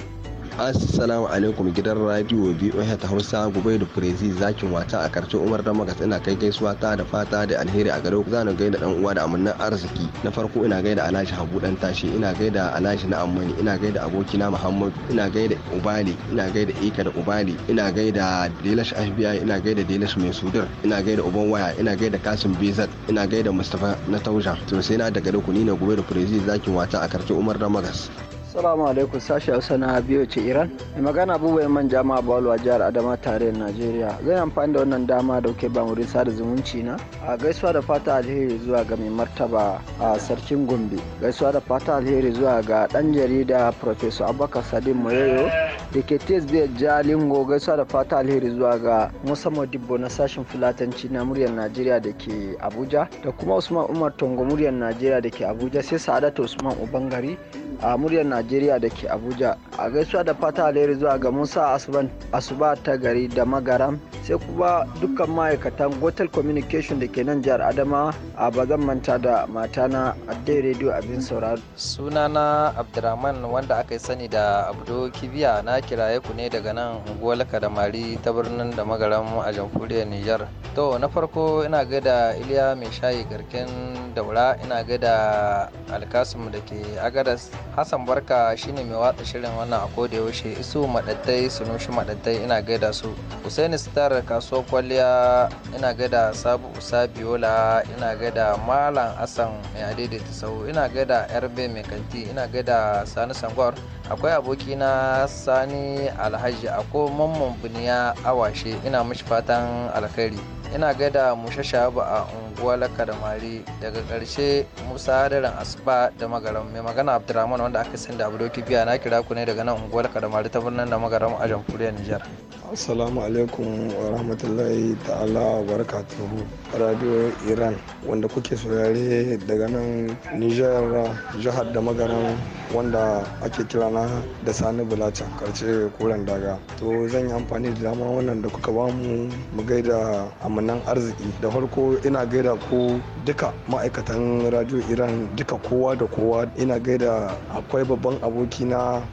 assalamu alaikum gidan radio boh ta hausa gobe da firezi zakin wata a karshen umar dan magas ina kai gaisuwa ta da fata da alheri a gare ku zanu gaida dan uwa da amannin arziki na farko ina gaida alashi habu dan tashi ina gaida alashi na ammani ina gaida abokina muhammad ina gaida ubali ina gaida ika da ubali ina gaida delash fbi ina gaida delash mai sudur ina gaida uban waya ina gaida kasim bezat ina gaida mustapha na tausha to sai na daga da ku ni ne gobe da firezi zakin wata a karshen umar dan magas Assalamu alaikum sashi Hausa na biyo ce Iran. Mai magana abubuwan man jama'a Bawalu a jihar Adama tare Najeriya. Zan amfani da wannan dama da kuke ba wurin sada zumunci na. A gaisuwa da fata alheri zuwa ga mai martaba a sarkin Gombe. Gaisuwa da fata alheri zuwa ga dan jarida Professor Abubakar sadin Moyoyo da ke Tesbe Jalingo gaisuwa da fata alheri zuwa ga Musa Modibo na sashen Fulatanci na muryar Najeriya da ke Abuja da kuma Usman Umar Tongo muryar Najeriya da ke Abuja sai Sa'adatu Usman Ubangari a muryar najeriya da ke abuja a gaisuwa da fata alheri zuwa ga musa asuban asuba ta gari da magaram sai kuma dukkan ma'aikatan gotel communication da ke nan jihar adama a bazan manta da matana addai rediyo abin sauraro sunana abdurrahman wanda aka yi sani da abdo kibiya na kiraye ku ne daga nan da mari ta birnin da magaram a jamhuriyar nijar to na farko ina da iliya mai shayi garken daura ina da alkasum da ke agadas hassan barka shine mai watsa shirin wannan a koda yaushe isu madaddai sunushi madaddai ina gaida su husaini star kasuwar kwalliya ina gaida sabu usa biola ina gaida malam hassan mai adaidaita sau ina gaida yarbe mai kanti ina gaida sani sangwar akwai abokina sani alhaji akwai mamman buniya awashe ina mishi fatan alkhairi ina gaida musha shabu a unguwa laka mari daga karshe musa hadarin asuba da magaram mai magana abdurrahman wanda aka sani da abdoti biya na kira ku ne daga nan unguwa laka da mari ta birnin da magaram a jamhuriyar nijar assalamu alaikum wa rahmatullahi ta'ala wa barakatuhu radio iran wanda kuke saurare daga nan nijar jihar da magaram wanda ake kira na da sani bulacha karshe koren daga to zan yi amfani da dama wannan da kuka bamu mu gaida a mumunan arziki da farko ina gaida ku duka ma'aikatan radio iran duka kowa da kowa ina gaida akwai babban aboki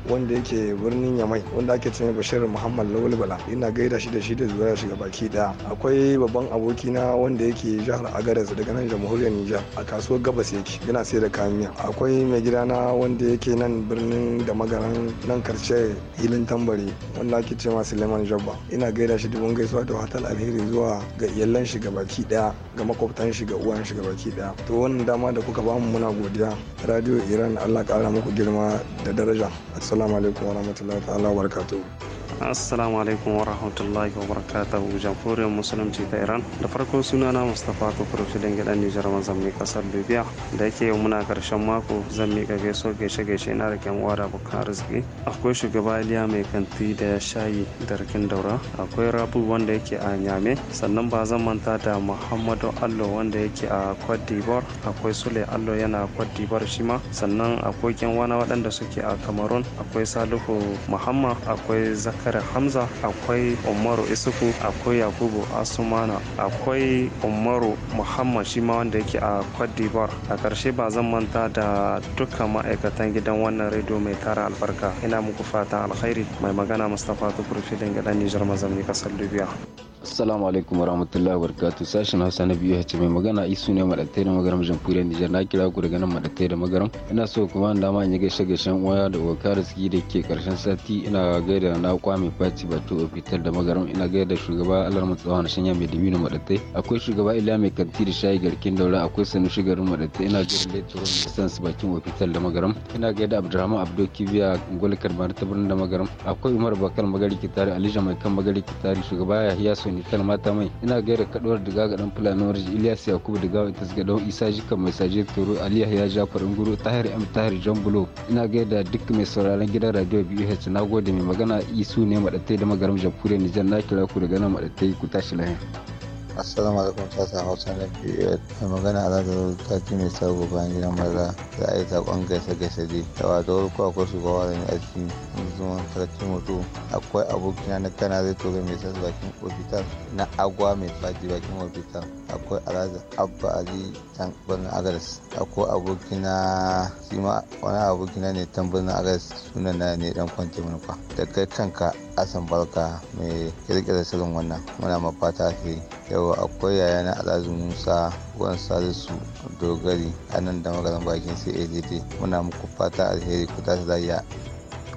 wanda yake birnin yamai wanda ake cewa bashir muhammad lawal bala ina gaida shi da shi da zuwa shiga baki daya akwai babban abokina na wanda yake jihar agadas daga nan jamhuriyar nijar a kasuwar gabas yake yana sai da kayan miya akwai mai gida na wanda yake nan birnin da magaran nan karshe hilin tambari wanda ake cewa suleiman jabba ina gaida shi dubin gaisuwa da hatal alheri zuwa ga iyalan shi gabaki daya ga makwabtan shi ga uwan shi gabaki daya to wannan dama da kuka bamu muna godiya radio iran allah kara muku girma da daraja assalamu alaikum warahmatullahi ta'ala wabarakatuh assalamu alaikum warahmatullahi rahmatullahi wa jamhuriyar musulunci ta iran da farko sunana mustapha kufur filin gidan nijar maza mai kasar libya da yake yau muna karshen mako zan miƙa gaiso gaishe gaishe na da kyan da bukan arziki akwai shugaba iliya mai kanti da shayi da rikin daura akwai rabu wanda yake a nyame sannan ba zan manta da muhammadu allo wanda yake a cote akwai sule allo yana cote d'ivoire shi ma sannan akwai kyan waɗanda suke a cameroon akwai salihu muhammad akwai zakara hamza akwai umaru isuku akwai yakubu asumana akwai umaru muhammad shi ma wanda yake a cote a karshe ba zan manta da dukkan ma'aikatan gidan wannan rediyo mai tara albarka ina muku fatan alkhairi mai magana mustapha tukur filin gidan nijar mazamni kasar libya Assalamu alaikum wa barakatuh sashen Hausa na biyu hace mai magana isu ne madatai da magaram jamhuriyar Nijar na kira ku daga nan madatai da magaram ina so kuma dama in yi gaishe gaishen waya da uwaka da suke da ke karshen sati ina gaida na kwame faci to ofitar da magaram ina gaida shugaba alar matsawa tsawon shanya mai dimino madatai akwai shugaba ila mai kanti da shayi garkin daura akwai sanu shigarin madatai ina gaida letron da sans bakin ofitar da magaram ina gaida Abdulrahman Abdul kibiya gwal karbar ta da magaram akwai umar bakar magari kitari alija mai kan magari kitari shugaba yahiya nitar mata mai ina gaira kaduwar diga ga dan fulani warji ilyas yakubu diga wa ita suka isa jika mai saje turu ali yahya jafar nguru tahir m tahir john bulo ina gaida duk mai sauraron gidan radio bh na gode mai magana isu ne madatai da magaram jamhuriyar nijar na kira ku daga nan madatai ku tashi lahiya. assalamu alaikum sasa hausa na pf mai magana a zaga ta ci mai sabo bayan gidan maza za a yi zaɓen gaisa gaisa dai da wato ko akwai shugaba da ni a cikin zuwan sarki mutu akwai abokina na kana zai tobe mai sassa bakin ofital na agwa mai faji bakin ofital akwai alhaji abba ali can birnin agadas akwai abokina shi ma wani abokina ne can birnin agadas sunan na ne dan kwanci kwa da kai kanka asan barka mai kirkira sirrin wannan muna mafata alheri yau akwai yayana alhaji musa wani salisu dogari a nan da magaran bakin sai muna muku fata alheri ku tashi lafiya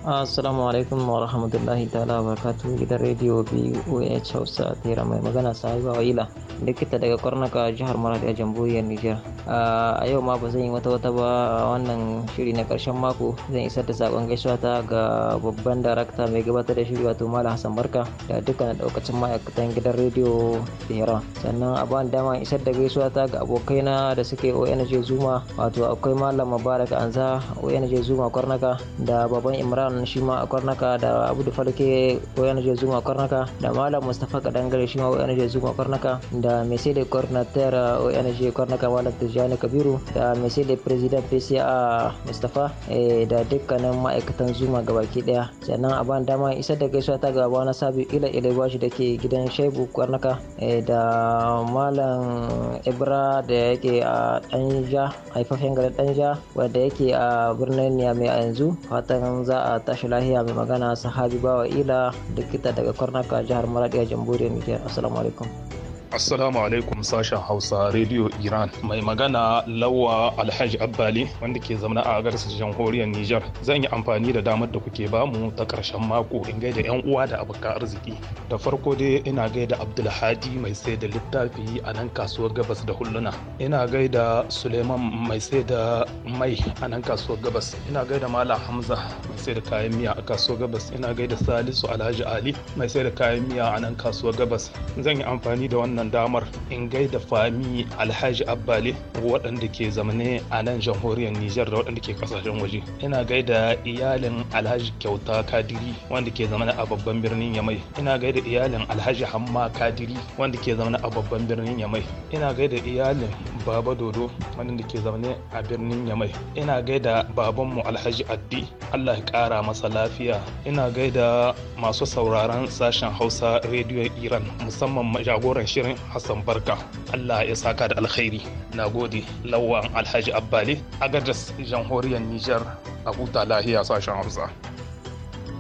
Assalamu alaikum wa rahmatullahi ta'ala wa barakatuhu gidan rediyo BOH Hausa tera mai magana sahiba wa'ila likita daga kwarnaka jihar Maradi a jamhuriyar Nijar. A yau ma ba zan yi wata wata ba a wannan shiri na karshen mako zan isar da sakon gaisuwa ta ga babban darakta mai gabatar da shiri wato Malam Hassan Barka da dukkan daukacin ma'aikatan gidan rediyo tera. Sannan a ba dama isar da gaisuwa ta ga abokaina da suke ONG Zuma wato akwai Malam Mubarak Anza ONG Zuma kwarnaka da baban Imran usman shi ma a kwarnaka da abu da falke oyanjo zuma kwarnaka da malam mustapha kadangare shi ma oyanjo zuma kwarnaka da mai sai da coordinator oyanjo kwarnaka malam tijjani kabiru da mai sai da president pca mustapha eh, da dukkanin ma'aikatan zuma gabaki daya sannan a ban dama isa da gaisuwa ta gaba na sabi ila ila bashi da ke gidan shaibu kwarnaka eh, da malam ibra da yake a danja haifafen garin danja wanda yake a birnin niamey a yanzu fatan za a tashi lahiya mai magana sahabi bawa ila likita daga kwarnaka jihar maradiya jamhuriyar nijar assalamu alaikum Assalamu alaikum sashen Hausa Radio Iran. Mai magana Lawa Alhaji Abbali wanda ke zama a garsar jamhuriyar Nijar. Zan yi amfani da damar da kuke bamu ta karshen mako in gaida yan uwa da abokan arziki. Da farko dai ina gaida Abdulhadi mai sai da littafi a nan kasuwar Gabas da Hulluna. Ina gaida Suleiman mai sai da mai a nan kasuwar Gabas. Ina gaida Malam Hamza mai sai da kayan miya a kasuwar Gabas. Ina gaida Salisu Alhaji Ali mai sai da kayan miya a nan kasuwar Gabas. Zan yi amfani da wannan wannan damar in gaida fami alhaji abbali waɗanda ke zamane a nan jamhuriyar nijar da waɗanda ke kasashen waje ina gaida iyalin alhaji kyauta kadiri wanda ke zamane a babban birnin yamai ina gaida iyalin alhaji hamma kadiri wanda ke zamane a babban birnin yamai ina gaida iyalin baba dodo wanda ke zamane a birnin yamai ina gaida babanmu alhaji addi allah ya kara masa lafiya ina gaida masu sauraron sashen hausa rediyon iran musamman jagoran shirin Bashirin Hassan Barka. Allah ya saka da alkhairi. Na gode lawan Alhaji Abbali a gadas jamhuriyar Nijar a huta lahiya sashen Hausa.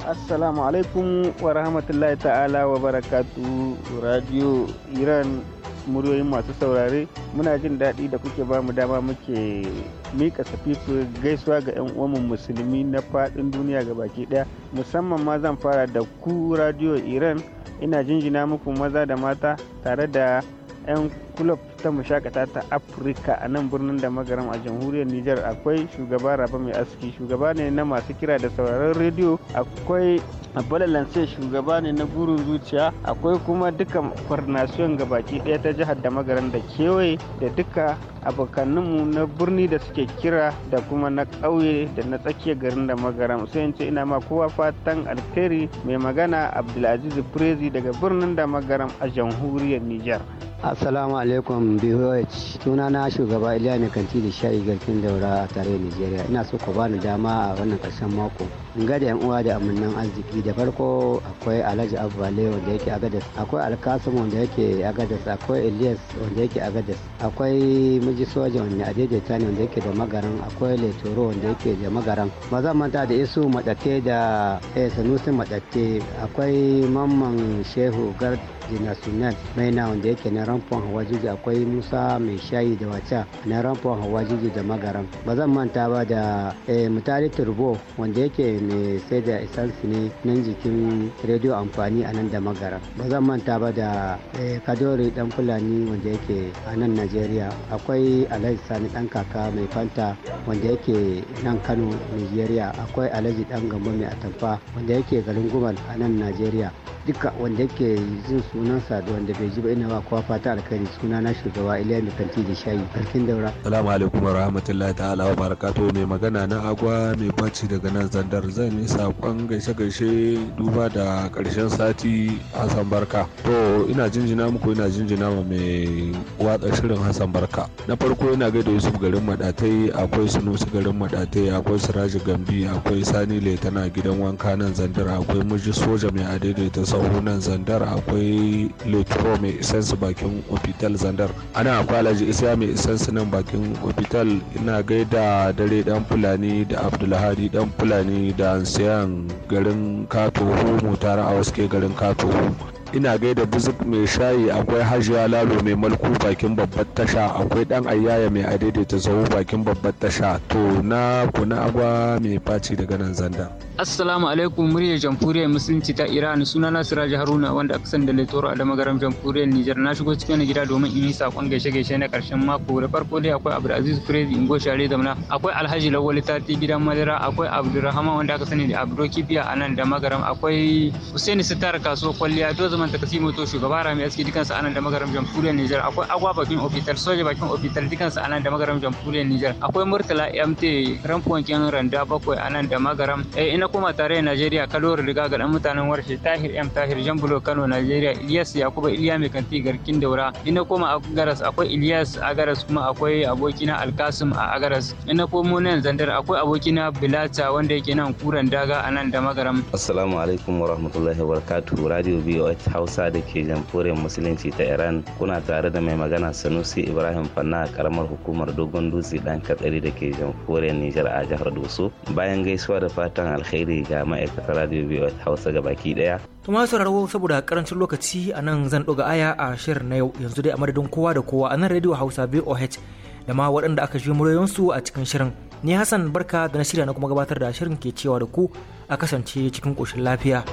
Assalamu alaikum wa rahmatullahi ta'ala wa barakatu Radio Iran muryoyin masu saurare muna jin daɗi da kuke ba mu dama muke mika safifu gaisuwa ga 'yan uwanmu musulmi na faɗin duniya ga baki ɗaya musamman ma zan fara da ku radio iran ina jinjina muku maza da mata tare da 'yan kulob ta mashakata ta afirka a nan birnin da magaram a jamhuriyar nijar akwai shugaba raba mai aski shugaba ne na masu kira da sauraron rediyo akwai abbala lance shugaba ne na gurin zuciya akwai kuma duka kwarnasiyon gabaki daya ta jihar da magaran da kewaye da duka abokanninmu na birni da suke kira da kuma na kauye da na tsakiyar garin da magaram sai in ina ma kowa fatan alheri mai magana abdulaziz prezi daga birnin da magaram a jamhuriyar nijar Assalamu alaikum BOH suna na shugaba Iliya mai kanti da shayi garkin daura a tare Nijeriya ina so ku bani dama a wannan karshen mako gada yan uwa da amannan arziki da farko akwai alhaji abba wanda yake agadas akwai alkasim wanda yake agadas akwai elias wanda yake agadas akwai miji soja wanda a daidaita ne wanda yake da magaran akwai letoro wanda yake da magaran ba zan manta da isu madatte da eh, sanusi madatte akwai mamman shehu gar jina mai maina wanda yake na ramfon hawa jiji akwai musa mai shayi da wata na ramfon hawa jiji da magaran ba zan manta ba da eh, mutari turbo wanda yake mai sai da isansu ne nan jikin rediyo amfani a nan da magara ba zan manta ba da eh, kadori dan fulani wanda yake a nan najeriya akwai alhaji sani dan kaka mai fanta wanda yake nan kano nigeria akwai alhaji dan gambo mai atamfa wanda yake garin gumal a nan najeriya duka wanda yake jin sunansa da wanda bai ji ba ina ba kowa fata alkhairi suna na shugaba iliya mai kanti da shayi sarkin daura salamu alaikum wa rahmatullahi ta'ala wa barakatuhu mai magana na agwa mai faci daga nan zandar zan yi saƙon gaishe-gaishe duba da ƙarshen sati Hassan Barka. To ina jinjina muku ina jinjina ma mai watsa shirin Hassan Barka. Na farko ina gaida Yusuf garin Madatai akwai sunusu garin Madatai akwai Siraji Gambi akwai Sani Letana gidan wanka nan Zandar akwai miji Soja mai adaidaita sahu nan Zandar akwai Letro mai isansu bakin ofital Zandar. Ana akwai Alhaji Isa mai isansu nan bakin ofital ina gaida dare dan Fulani da Abdulhadi dan Fulani da da sayan garin kato homo a waske garin kato ina gaida buzuk mai shayi akwai hajiya lalo mai malku bakin babbar tasha akwai dan ayyaya mai adaidaita zaho bakin babbar tasha to na kuna agwa mai faci daga nan zanda assalamu alaikum muryar jamhuriyar musulunci ta iran suna na siraj haruna wanda aka san da laitoro da magaram jamhuriyar nijar na shigo cikin gida domin in yi sakon gaishe gaishe na karshen mako da farko dai akwai abdulaziz crazy ingo share zamna akwai alhaji lawali tati gidan madara akwai abdulrahman wanda aka sani da abdul kibiya a nan da magaram akwai hussein sitar kasuwa kwalliya to usman takasi to shugaba rami aski dukansu anan da magaram jamhuriyar nijar akwai agwa bakin ofital soja bakin ofital dukansu anan da magaram jamhuriyar nijar akwai murtala mt ramfonkin randa bakwai anan da magaram eh ina kuma tare najeriya kalori riga ga dan mutanen warshe tahir m tahir jambulo kano najeriya ilyas yakuba iliya mai kanti garkin daura ina kuma agaras akwai ilyas agaras kuma akwai abokina alkasim a agaras ina komo nan zandar akwai abokina bilata wanda yake nan kuran daga anan da magaram assalamu alaikum warahmatullahi wabarakatuh radio hausa da ke jamhuriyar musulunci ta iran kuna tare da mai magana sanusi ibrahim fanna a karamar hukumar dogon dutse dan katsari da ke jamhuriyar nijar a jihar doso bayan gaisuwa da fatan alkhairi ga ma'aikatar radio biyu hausa gabaki daya To ma sauraro saboda karancin lokaci a nan zan ɗoga aya a shirin na yau yanzu dai a madadin kowa da kowa a nan radio Hausa boh da ma waɗanda aka shi muryoyinsu a cikin shirin. Ni Hassan Barka da na shirya na kuma gabatar da shirin ke cewa da ku a kasance cikin koshin lafiya.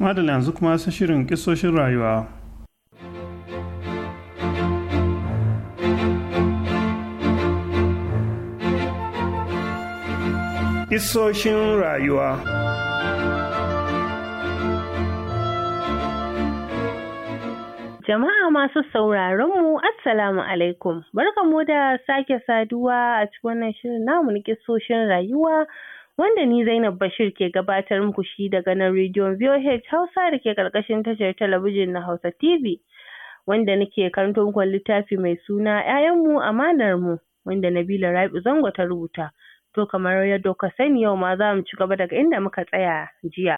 madalla yanzu kuma sun shirin kisoshin rayuwa Kisoshin rayuwa Jama'a masu sauraron mu Assalamu alaikum barkamu da sake saduwa a cikin wannan shirin namu na kisoshin rayuwa wanda ni Zainab Bashir ke gabatar muku shi daga nan rediyon VOH Hausa da ke karkashin tashar talabijin na Hausa TV wanda nake karanto muku littafi mai suna ‘Ya'yanmu amanar mu wanda Nabila Rabi Zango ta rubuta. To kamar yadda kuka sani yau ma za mu ci gaba daga inda muka tsaya jiya.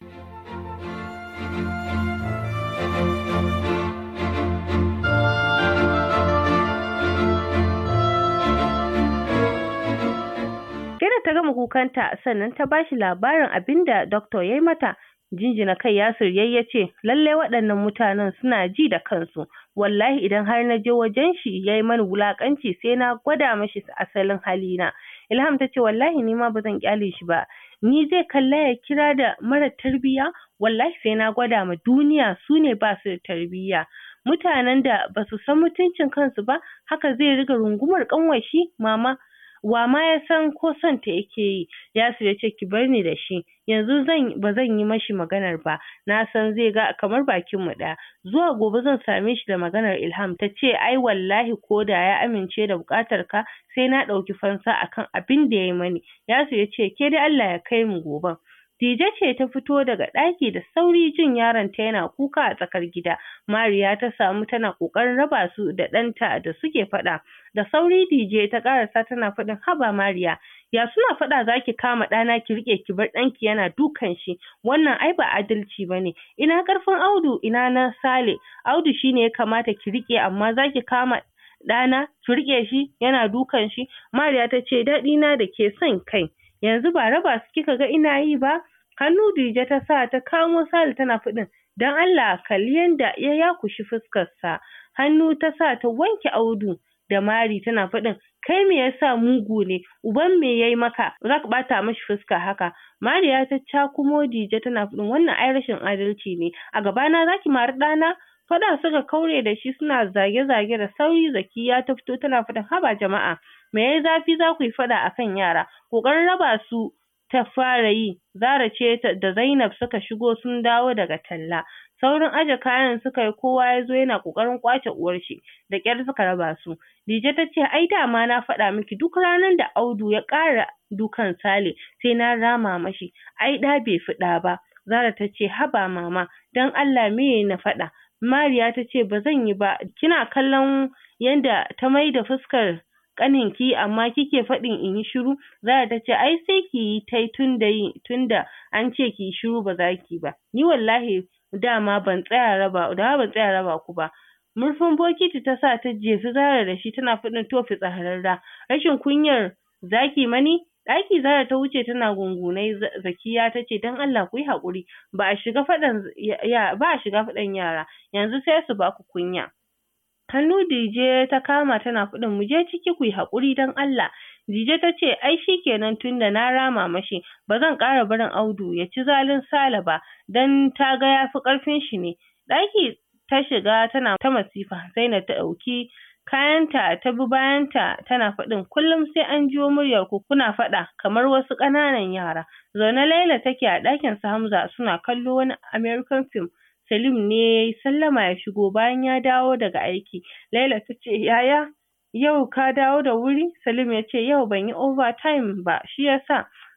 Kada ta gama kukanta sannan ta bashi labarin abinda doctor yayi mata jinjina kai Yasir yayi yace lalle waɗannan mutanen suna ji da kansu wallahi idan har na je wajen shi ya yi mani wulakanci sai na gwada mashi asalin halina Ilham tace wallahi ni ma bazan kyale shi ba ni zai kalla ya kira da mara tarbiyya? wallahi sai na gwada ma duniya su ne ba su da tarbiya mutanen da basu san mutuncin kansu ba haka zai riga rungumar kanwar shi mama wa ma ya san ko son ta yake yi Yasir ya ce ki bar ni da shi yanzu zan ba zan yi mashi maganar ba na san zai ga kamar bakin mu ɗaya zuwa gobe zan same shi da maganar Ilham ta ce ai wallahi ko da ya amince da buƙatar ka sai na ɗauki fansa akan abin da ya yi mani Yasir ya ce ke dai Allah ya kai mu gobe. Dije ce ta fito daga ɗaki da sauri jin yaron ta yana kuka a tsakar gida. Mariya ta samu tana ƙoƙarin raba su da ɗanta da suke faɗa. Da sauri Dije ta ƙarasa tana faɗin haba Mariya. Ya suna faɗa za ki kama ɗana ki riƙe ki bar ɗanki yana dukan shi. Wannan ai ba adalci ba ne. Ina ƙarfin Audu ina na Sale. Audu shi ne ya kamata ki riƙe amma za ki kama ɗana ki riƙe shi yana dukan shi. Mariya ta ce na da ke son kai. Yanzu ba raba su kika ga ina yi ba. Hannu Dije ta sa ta kamo sal tana faɗin, "Don Allah kalli yadda ya yakushi fuskarsa." Hannu ta sa ta wanke Audu da mari tana faɗin, "Kai me yasa mugu ne? Uban me yayi maka? Zaka ɓata mashi fuska haka?" Mariya ta cakumo Dije tana faɗin, "Wannan ai rashin adalci ne. A gabana zaki mari na. Faɗa suka kaure da shi suna zage-zage da sauri Zakiya ta fito tana faɗin, "Haba jama'a, me yayi zafi za ku yi faɗa akan yara? Ƙoƙarin raba su ta fara yi Zara ce da Zainab suka shigo sun dawo daga talla saurin aje kayan suka yi kowa ya zo yana ƙoƙarin ƙwace uwar shi da ƙyar suka raba su Dije ta ce ai dama na faɗa miki duk ranar da Audu ya ƙara dukan Sale sai na rama mashi ai ɗa bai fi ɗa ba Zara ta ce haba mama don Allah me na faɗa Mariya ta ce ba zan yi ba kina kallon yadda ta maida fuskar ƙaninki amma kike faɗin in yi shiru Zara ta ce ai sai kiyi yi tai tunda tunda an ce ki shiru ba za ki ba ni wallahi dama ban tsaya raba dama ban tsaya raba ku ba murfin bokiti ta sa ta jefi Zara da shi tana faɗin to fitsararra rashin kunyar zaki mani ɗaki Zara ta wuce tana gungunai Zakiya ta ce don Allah ku yi haƙuri ba a shiga faɗan ba a shiga faɗan yara yanzu sai su baku kunya Hannu Dije ta kama tana faɗin mu je ciki ku yi haƙuri don Allah. Dije ta ce ai shi kenan tunda na rama mashi ba zan ƙara barin Audu ya ci zalin Sale ba don ta ga ya fi ƙarfin shi ne. Ɗaki ta shiga tana ta masifa Zainab ta ɗauki kayanta ta bi bayanta tana faɗin kullum sai an jiyo muryar ku kuna faɗa kamar wasu ƙananan yara. Zaune Laila take a ɗakin su Hamza suna kallo wani American film. Salim ne ya sallama ya shigo bayan ya dawo daga aiki. Laila ta ce, Yaya, yau ka dawo da wuri? Salim ya ce, Yau ban yi overtime ba, shi ya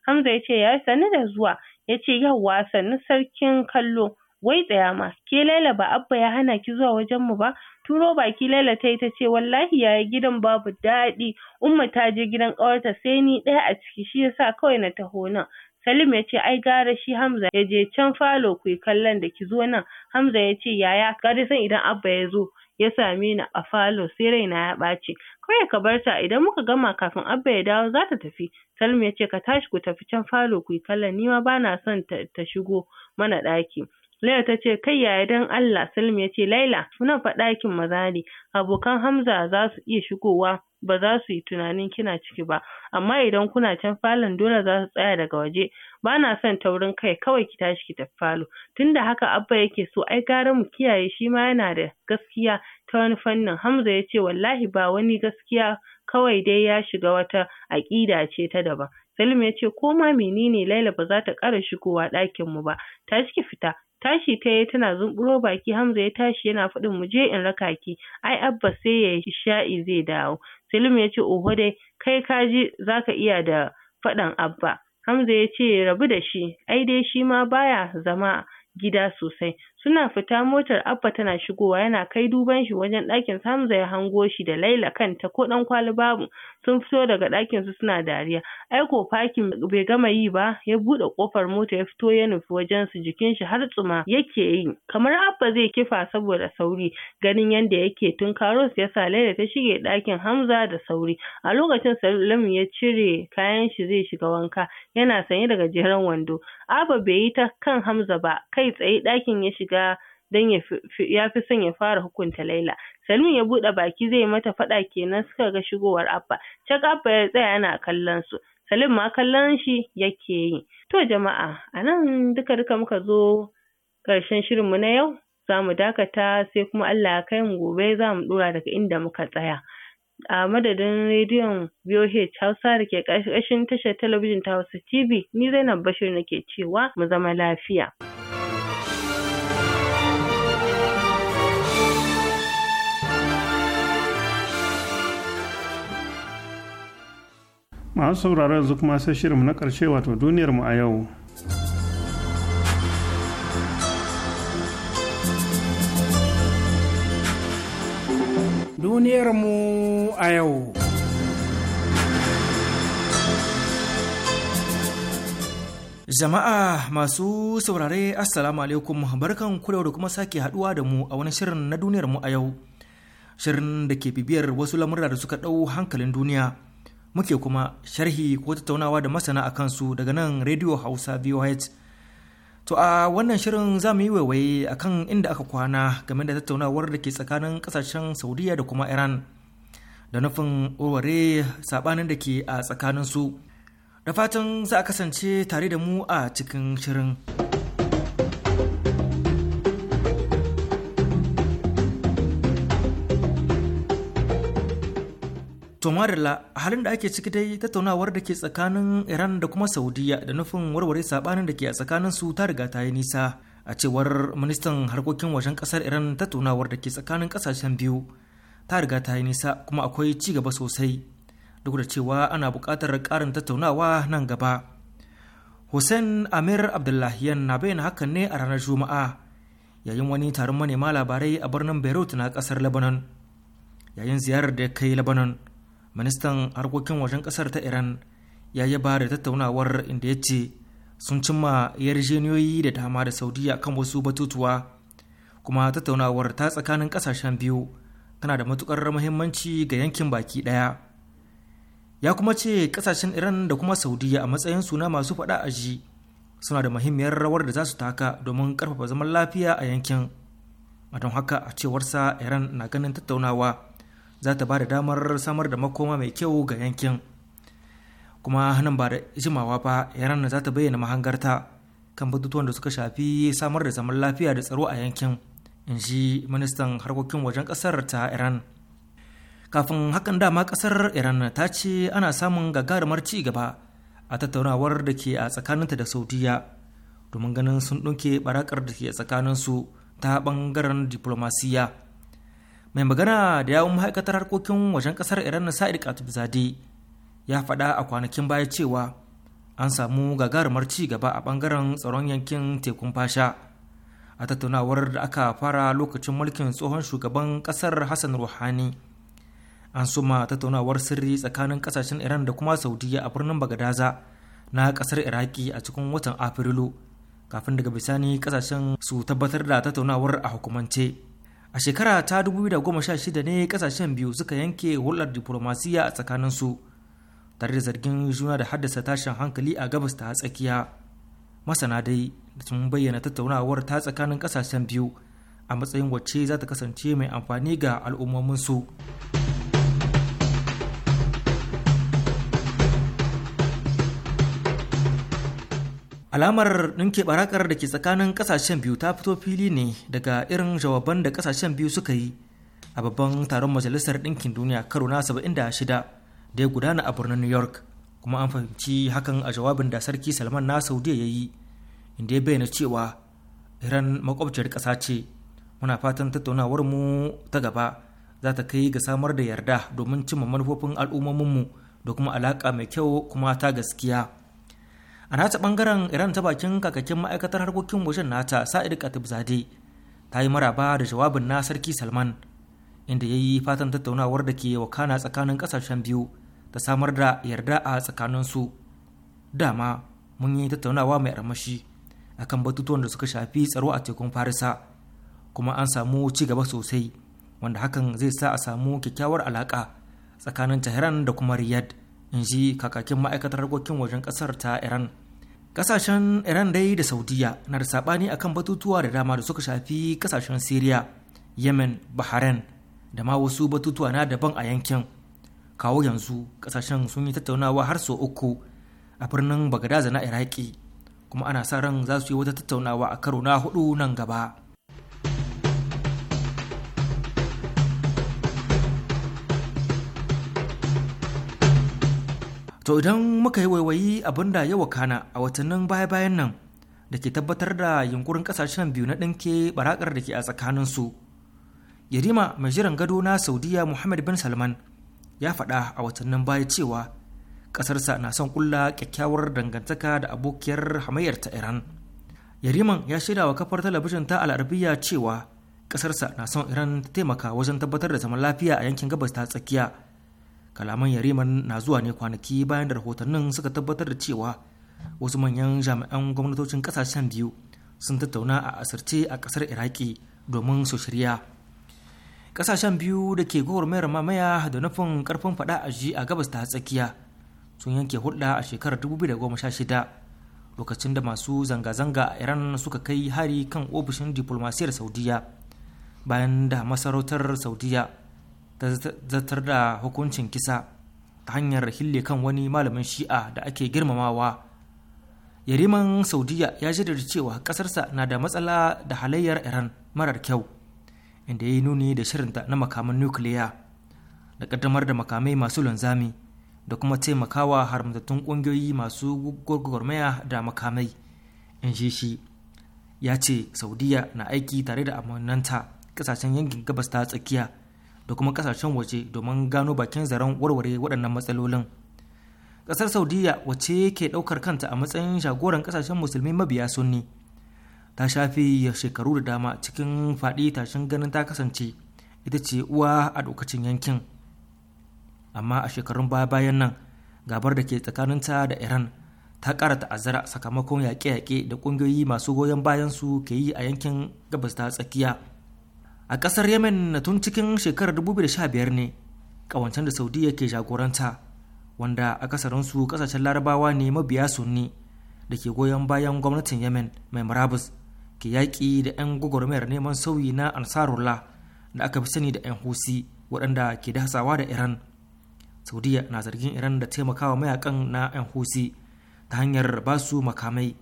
Hamza ya ce, Ya sannu da zuwa. Ya ce, Yauwa sannu sarkin kallo. Wai tsaya ma, ke Laila ba Abba ya hana ki zuwa wajenmu ba? Turo baki Laila ta yi ta ce, Wallahi yaya gidan babu daɗi. Umma ta je gidan ƙawarta sai ni ɗaya a ciki, shi ya kawai na taho nan. Salim ya ce ai gara shi Hamza ya je can falo ku kallon da ki zo nan. Hamza ya ce yaya ka san idan Abba ya zo ya same ni a falo sai raina ya ɓaci. Kawai ka bar ta idan muka gama kafin Abba ya dawo za ta tafi. Salim ya ce ka tashi ku tafi can falo ku kallon ni ma bana son ta shigo mana ɗaki. Laila ta ce kai yaya dan Allah Salim ya ce Laila sunan fa ɗakin maza ne abokan Hamza za su iya shigowa ba za su yi tunanin kina ciki ba amma idan kuna can falon dole za su tsaya daga waje ba na son taurin kai kawai ki tashi ki tafi falo tunda haka abba yake so ai gara mu kiyaye shi ma yana da gaskiya ta wani fannin Hamza ya ce wallahi ba wani gaskiya kawai dai ya shiga wata aƙida ce ta daban Salim ya ce ko ma menene Laila ba za ta ƙara shigowa ɗakin mu ba tashi ki fita tashi ta yi tana zumburo baki Hamza ya tashi yana faɗin mu je in raka ki ai Abba sai ya yi sha'i zai dawo Salim ya ce oho dai kai ka ji za ka iya da faɗan Abba. Hamza ya ce rabu da shi ai dai shi ma baya zama gida sosai Suna fita motar Abba tana shigowa yana kai duban shi wajen ɗakin sa Hamza ya hango shi da Laila kanta ko ɗan kwali babu sun fito daga ɗakin su suna dariya. Aiko fakin bai gama yi ba ya buɗe ƙofar mota ya fito ya nufi wajen su jikin shi har tsuma yake yi. Kamar Abba zai kifa saboda sauri ganin yadda yake karos ya sa Laila ta shige ɗakin Hamza da sauri. A lokacin Salim ya cire kayan shi zai shiga wanka yana sanye da gajeren wando. Abba bai yi ta kan Hamza ba kai tsaye ɗakin ya shiga shiga don ya fi son ya fara hukunta Laila. salim ya buɗe baki zai mata faɗa kenan suka ga shigowar Abba. Cak Abba ya tsaya yana kallon su. Salim ma kallon shi yake yi. To jama'a, a nan duka-duka muka zo ƙarshen mu na yau. Za mu dakata sai kuma Allah ya kai mu gobe za mu ɗora daga inda muka tsaya. A madadin rediyon VOH Hausa da ke ƙarƙashin tashar talabijin ta Hausa TV, ni Zainab Bashir nake cewa mu zama lafiya. masu sauraron yanzu kuma sai shirinmu na ƙarshe wato duniyarmu a yau duniyarmu a yau Jama'a masu saurare Assalamu alaikum barkan kurewa da kuma sake haduwa da mu a wani shirin na duniyarmu a yau. Shirin da ke bibiyar wasu lamurra da suka ɗau hankalin duniya muke kuma sharhi ko tattaunawa da masana a kansu daga nan Radio Hausa VOH. To a wannan shirin za mu yi a kan inda aka kwana game da tattaunawar da ke tsakanin kasashen Saudiya da kuma Iran da nufin ware sabanin da ke a tsakanin su Da fatan za a kasance tare da mu a cikin shirin. somalila a halin da ake ciki dai tattaunawar da ke tsakanin iran da kuma saudiya da nufin warware sabanin da ke a tsakanin su ta riga ta yi nisa a cewar ministan harkokin wajen kasar iran tattaunawar da ke tsakanin kasashen biyu ta riga ta yi nisa kuma akwai ci gaba sosai duk da cewa ana buƙatar ƙarin tattaunawa nan gaba hussein amir abdullahiyan na bayyana hakan ne a ranar juma'a yayin wani taron manema labarai a birnin beirut na ƙasar lebanon yayin ziyarar da ya kai lebanon ministan harkokin wajen kasar ta iran ya yi ba da tattaunawar inda ya ce sun cimma yarjejeniyoyi da dama da saudiya kan wasu batutuwa kuma tattaunawar ta tsakanin kasashen biyu tana da matukar muhimmanci ga yankin baki daya ya kuma ce kasashen iran da kuma saudiya a matsayin suna masu faɗa aji suna da muhimmiyar rawar da za su taka domin karfafa zaman lafiya a yankin a don haka a cewarsa iran na ganin tattaunawa za ta ba da damar samar da makoma mai kyau ga yankin kuma nan ba da jimawa ba iran za ta bayyana mahangarta kan batutuwan da suka shafi samar da zaman lafiya da tsaro a yankin in ji ministan harkokin wajen kasar ta iran kafin hakan dama kasar iran ta ce ana samun gagarumar ci gaba a tattaunawar da ke a tsakaninta da saudiya domin ganin sun ɗauke barakar da ke tsakaninsu ta ɓangaren diplomasiya mai magana da yawun ma'aikatar harkokin wajen kasar iran na sa'id zade ya faɗa a kwanakin baya cewa an samu gagarumar ci gaba a ɓangaren tsaron yankin tekun fasha a tattaunawar da aka fara lokacin mulkin tsohon shugaban kasar hassan ruhani an suma tattaunawar sirri tsakanin kasashen iran da kuma saudiya a birnin bagadaza na kasar iraki a cikin watan afrilu kafin daga bisani kasashen su tabbatar da tattaunawar a hukumance a shekara ta 2016 ne kasashen biyu suka yanke hulɗar diplomasiya a tsakanin su tare da zargin juna da haddasa tashin hankali a gabas ta tsakiya masana dai sun bayyana tattaunawar ta tsakanin kasashen biyu a matsayin wacce za ta kasance mai amfani ga al'ummominsu. su alamar ninke barakar da ke tsakanin ƙasashen biyu ta fito fili ne daga irin jawaban da ƙasashen biyu suka yi a babban taron majalisar ɗinkin duniya karo na 76 da ya gudana a birnin new york kuma an fahimci hakan a jawabin da sarki salman na saudiya ya yi inda ya bayyana cewa iran makwabciyar ƙasa ce muna fatan tattaunawar mu ta gaba za ta kai ga samar da yarda domin cimma manufofin al'ummominmu da kuma alaƙa mai kyau kuma ta gaskiya a nata bangaren iran ta bakin kakakin ma'aikatar harkokin wajen nata sa'id zade ta yi maraba da jawabin na sarki salman inda ya yi fatan tattaunawar da ke wakana tsakanin kasashen biyu ta samar da yarda a tsakanin su dama mun yi tattaunawa mai armashi akan batutuwan da suka shafi tsaro a tekun farisa kuma an samu ci gaba sosai wanda hakan zai sa a samu kyakkyawar alaka tsakanin tehran da kuma riyadh in ji kakakin ma'aikatar harkokin wajen kasar ta iran kasashen iran dai da saudiya na da sabani akan batutuwa da dama da suka shafi kasashen syria yemen bahrain da ma wasu batutuwa na daban a yankin kawo yanzu kasashen sun yi tattaunawa har sau uku a birnin bagadaza na iraki kuma ana sa ran za su yi wata tattaunawa a karo na hudu nan gaba To idan muka yi waiwayi abin da ya wakana a watannin baya-bayan nan da ke tabbatar da yunkurin kasashen biyu na ɗinke barakar da ke a tsakaninsu. Yarima mai jiran gado na Saudiya Muhammad bin Salman ya faɗa a watannin baya cewa ƙasarsa na son ƙulla kyakkyawar dangantaka da abokiyar hamayyar ta Iran. Yariman ya shaida wa kafar talabijin ta al'arbiya cewa ƙasarsa na son Iran ta taimaka wajen tabbatar da zaman lafiya a yankin gabas ta tsakiya. kalaman yariman na zuwa ne kwanaki bayan da rahotannin suka tabbatar da cewa wasu manyan jami'an gwamnatocin kasashen biyu sun tattauna a asirce a kasar iraki domin su shirya kasashen biyu da ke gwagwarmayar mamaya da nufin karfin fada a ji a gabas ta tsakiya sun yanke hulɗa a shekarar 2016 lokacin da masu zanga-zanga a iran suka kai hari kan ofishin diplomasiyar saudiya bayan da masarautar saudiya ta zartar da hukuncin kisa ta hanyar hille kan wani malamin shi'a da ake girmamawa yariman saudiya ya jaddada cewa ƙasarsa na da matsala da halayyar iran marar kyau inda ya yi nuni da shirinta na makaman nukiliya da ƙaddamar da makamai masu linzami da kuma taimakawa haramtattun ƙungiyoyi masu gwagwarmaya da makamai in shi shi ya ce saudiya na aiki tare da amannanta kasashen yankin gabas ta tsakiya da kuma kasashen waje domin gano bakin zaren warware waɗannan matsalolin ƙasar saudiya wacce ke ɗaukar kanta a matsayin shagoran ƙasashen musulmi mabiya sunni ta shafi shekaru da dama cikin faɗi tashin ganin ta kasance ita ce uwa a ɗaukacin yankin amma a shekarun baya bayan nan gabar da ke tsakaninta da iran ta ƙara ta'azzara sakamakon yaƙe-yaƙe da ƙungiyoyi masu goyon bayan su ke yi a yankin gabas ta tsakiya a ƙasar yemen tun cikin shekarar 2015 ne ƙawancen da saudiya ke jagoranta wanda a akasarinsu ƙasashen larabawa ne mabiya sunni da ke goyon bayan gwamnatin yemen mai murabus ke yaƙi da 'yan gwagwarmayar neman sauyi na ansarullah da aka fi sani da 'yan husi waɗanda ke dasawa da iran saudiya na zargin iran da taimakawa mayakan na 'yan husi ta hanyar ba su makamai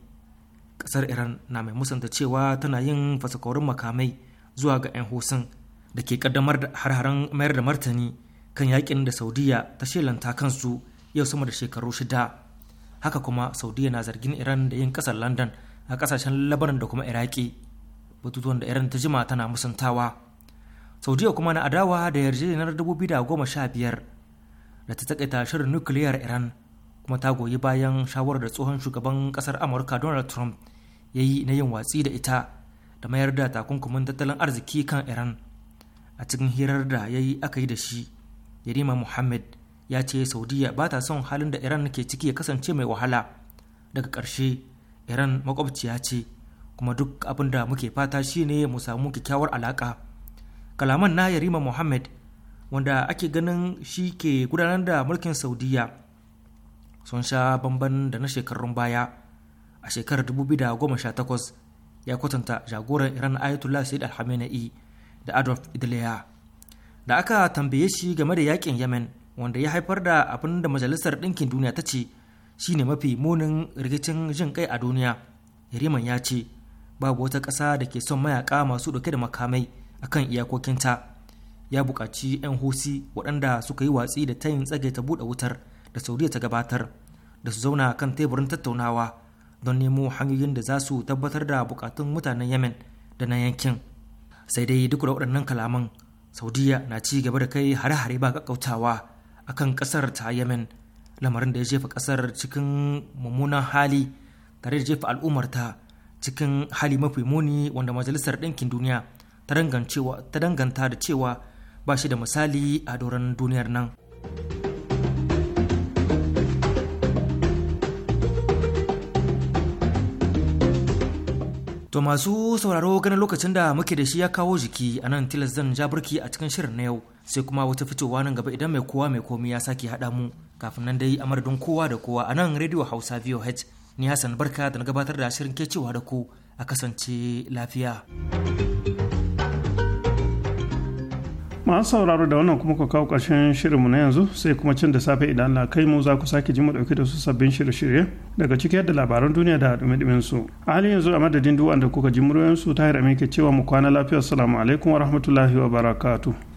ƙasar iran na mai musanta cewa tana yin fasakorin makamai zuwa ga 'yan husan da ke kaddamar da harharen mayar da martani kan yakin da saudiya ta shelanta kansu yau sama da shekaru shida haka kuma saudiya na zargin iran da yin kasar london a kasashen labaran da kuma iraki batutuwan da iran ta jima tana musantawa saudiya kuma na adawa da yarjejeniyar dubu 2015 da ta takaita shirin nukiliyar iran kuma ta goyi bayan shawarar da tsohon shugaban kasar amurka donald trump ya yi na yin watsi da ita da mayar da takunkumin tattalin arziki kan iran a cikin hirar da ya yi aka yi da shi yarima muhammad ya ce saudiya ba ta son halin da iran ke ciki ya kasance mai wahala daga ƙarshe iran makwabciya ce kuma duk abin da muke fata shine mu samu kyakkyawar alaƙa kalaman na yarima muhammad wanda ake ganin shi ke gudanar da mulkin saudiya sun sha bamban da na shekarun baya a shekarar 2018 ya kwatanta jagoran iran ayatollah sayyid al da adolf hitler da aka tambaye shi game da yakin yemen wanda ya haifar da abin da majalisar ɗinkin duniya ta ce shine mafi munin rikicin jin kai a duniya yariman ya ce babu wata ƙasa da ke son mayaka masu ɗauke da makamai a akan iyakokinta ya buƙaci 'yan hosi waɗanda suka yi watsi da tayin tsage ta buɗe wutar da saudiya ta gabatar da su zauna kan teburin tattaunawa don nemo hanyoyin da za su tabbatar da bukatun mutanen yemen da na yankin sai dai duk da waɗannan kalaman saudiya na ci gaba da kai hare-hare ba kakkautawa kan ƙasar ta yemen lamarin da ya jefa ƙasar cikin mummunan hali tare da jefa al'ummarta cikin hali mafi muni wanda majalisar ɗinkin duniya ta danganta da cewa ba shi da misali a doron duniyar nan. To masu sauraro ganin lokacin da muke da shi ya kawo jiki a nan tilas zan ja birki a cikin shirin na yau sai kuma wata fitowa nan gaba idan mai kowa mai komi ya sake haɗa mu kafin nan dai a kowa da kowa a nan rediyo Hausa VOH ni Hassan Barka da na gabatar da shirin ke cewa da ku a kasance lafiya. masu sauraro da wannan kuma ka kawo ƙarshen shirinmu na yanzu sai kuma can da safe idan Allah kai mu za ku sake ji mu dauke da su sabbin shirye-shirye daga ciki da labaran duniya da dumi su a halin yanzu a madadin duwan da kuka ji muryoyinsu su tahir amin ke cewa mu kwana lafiya salamu alaikum wa rahmatullahi wa barakatuh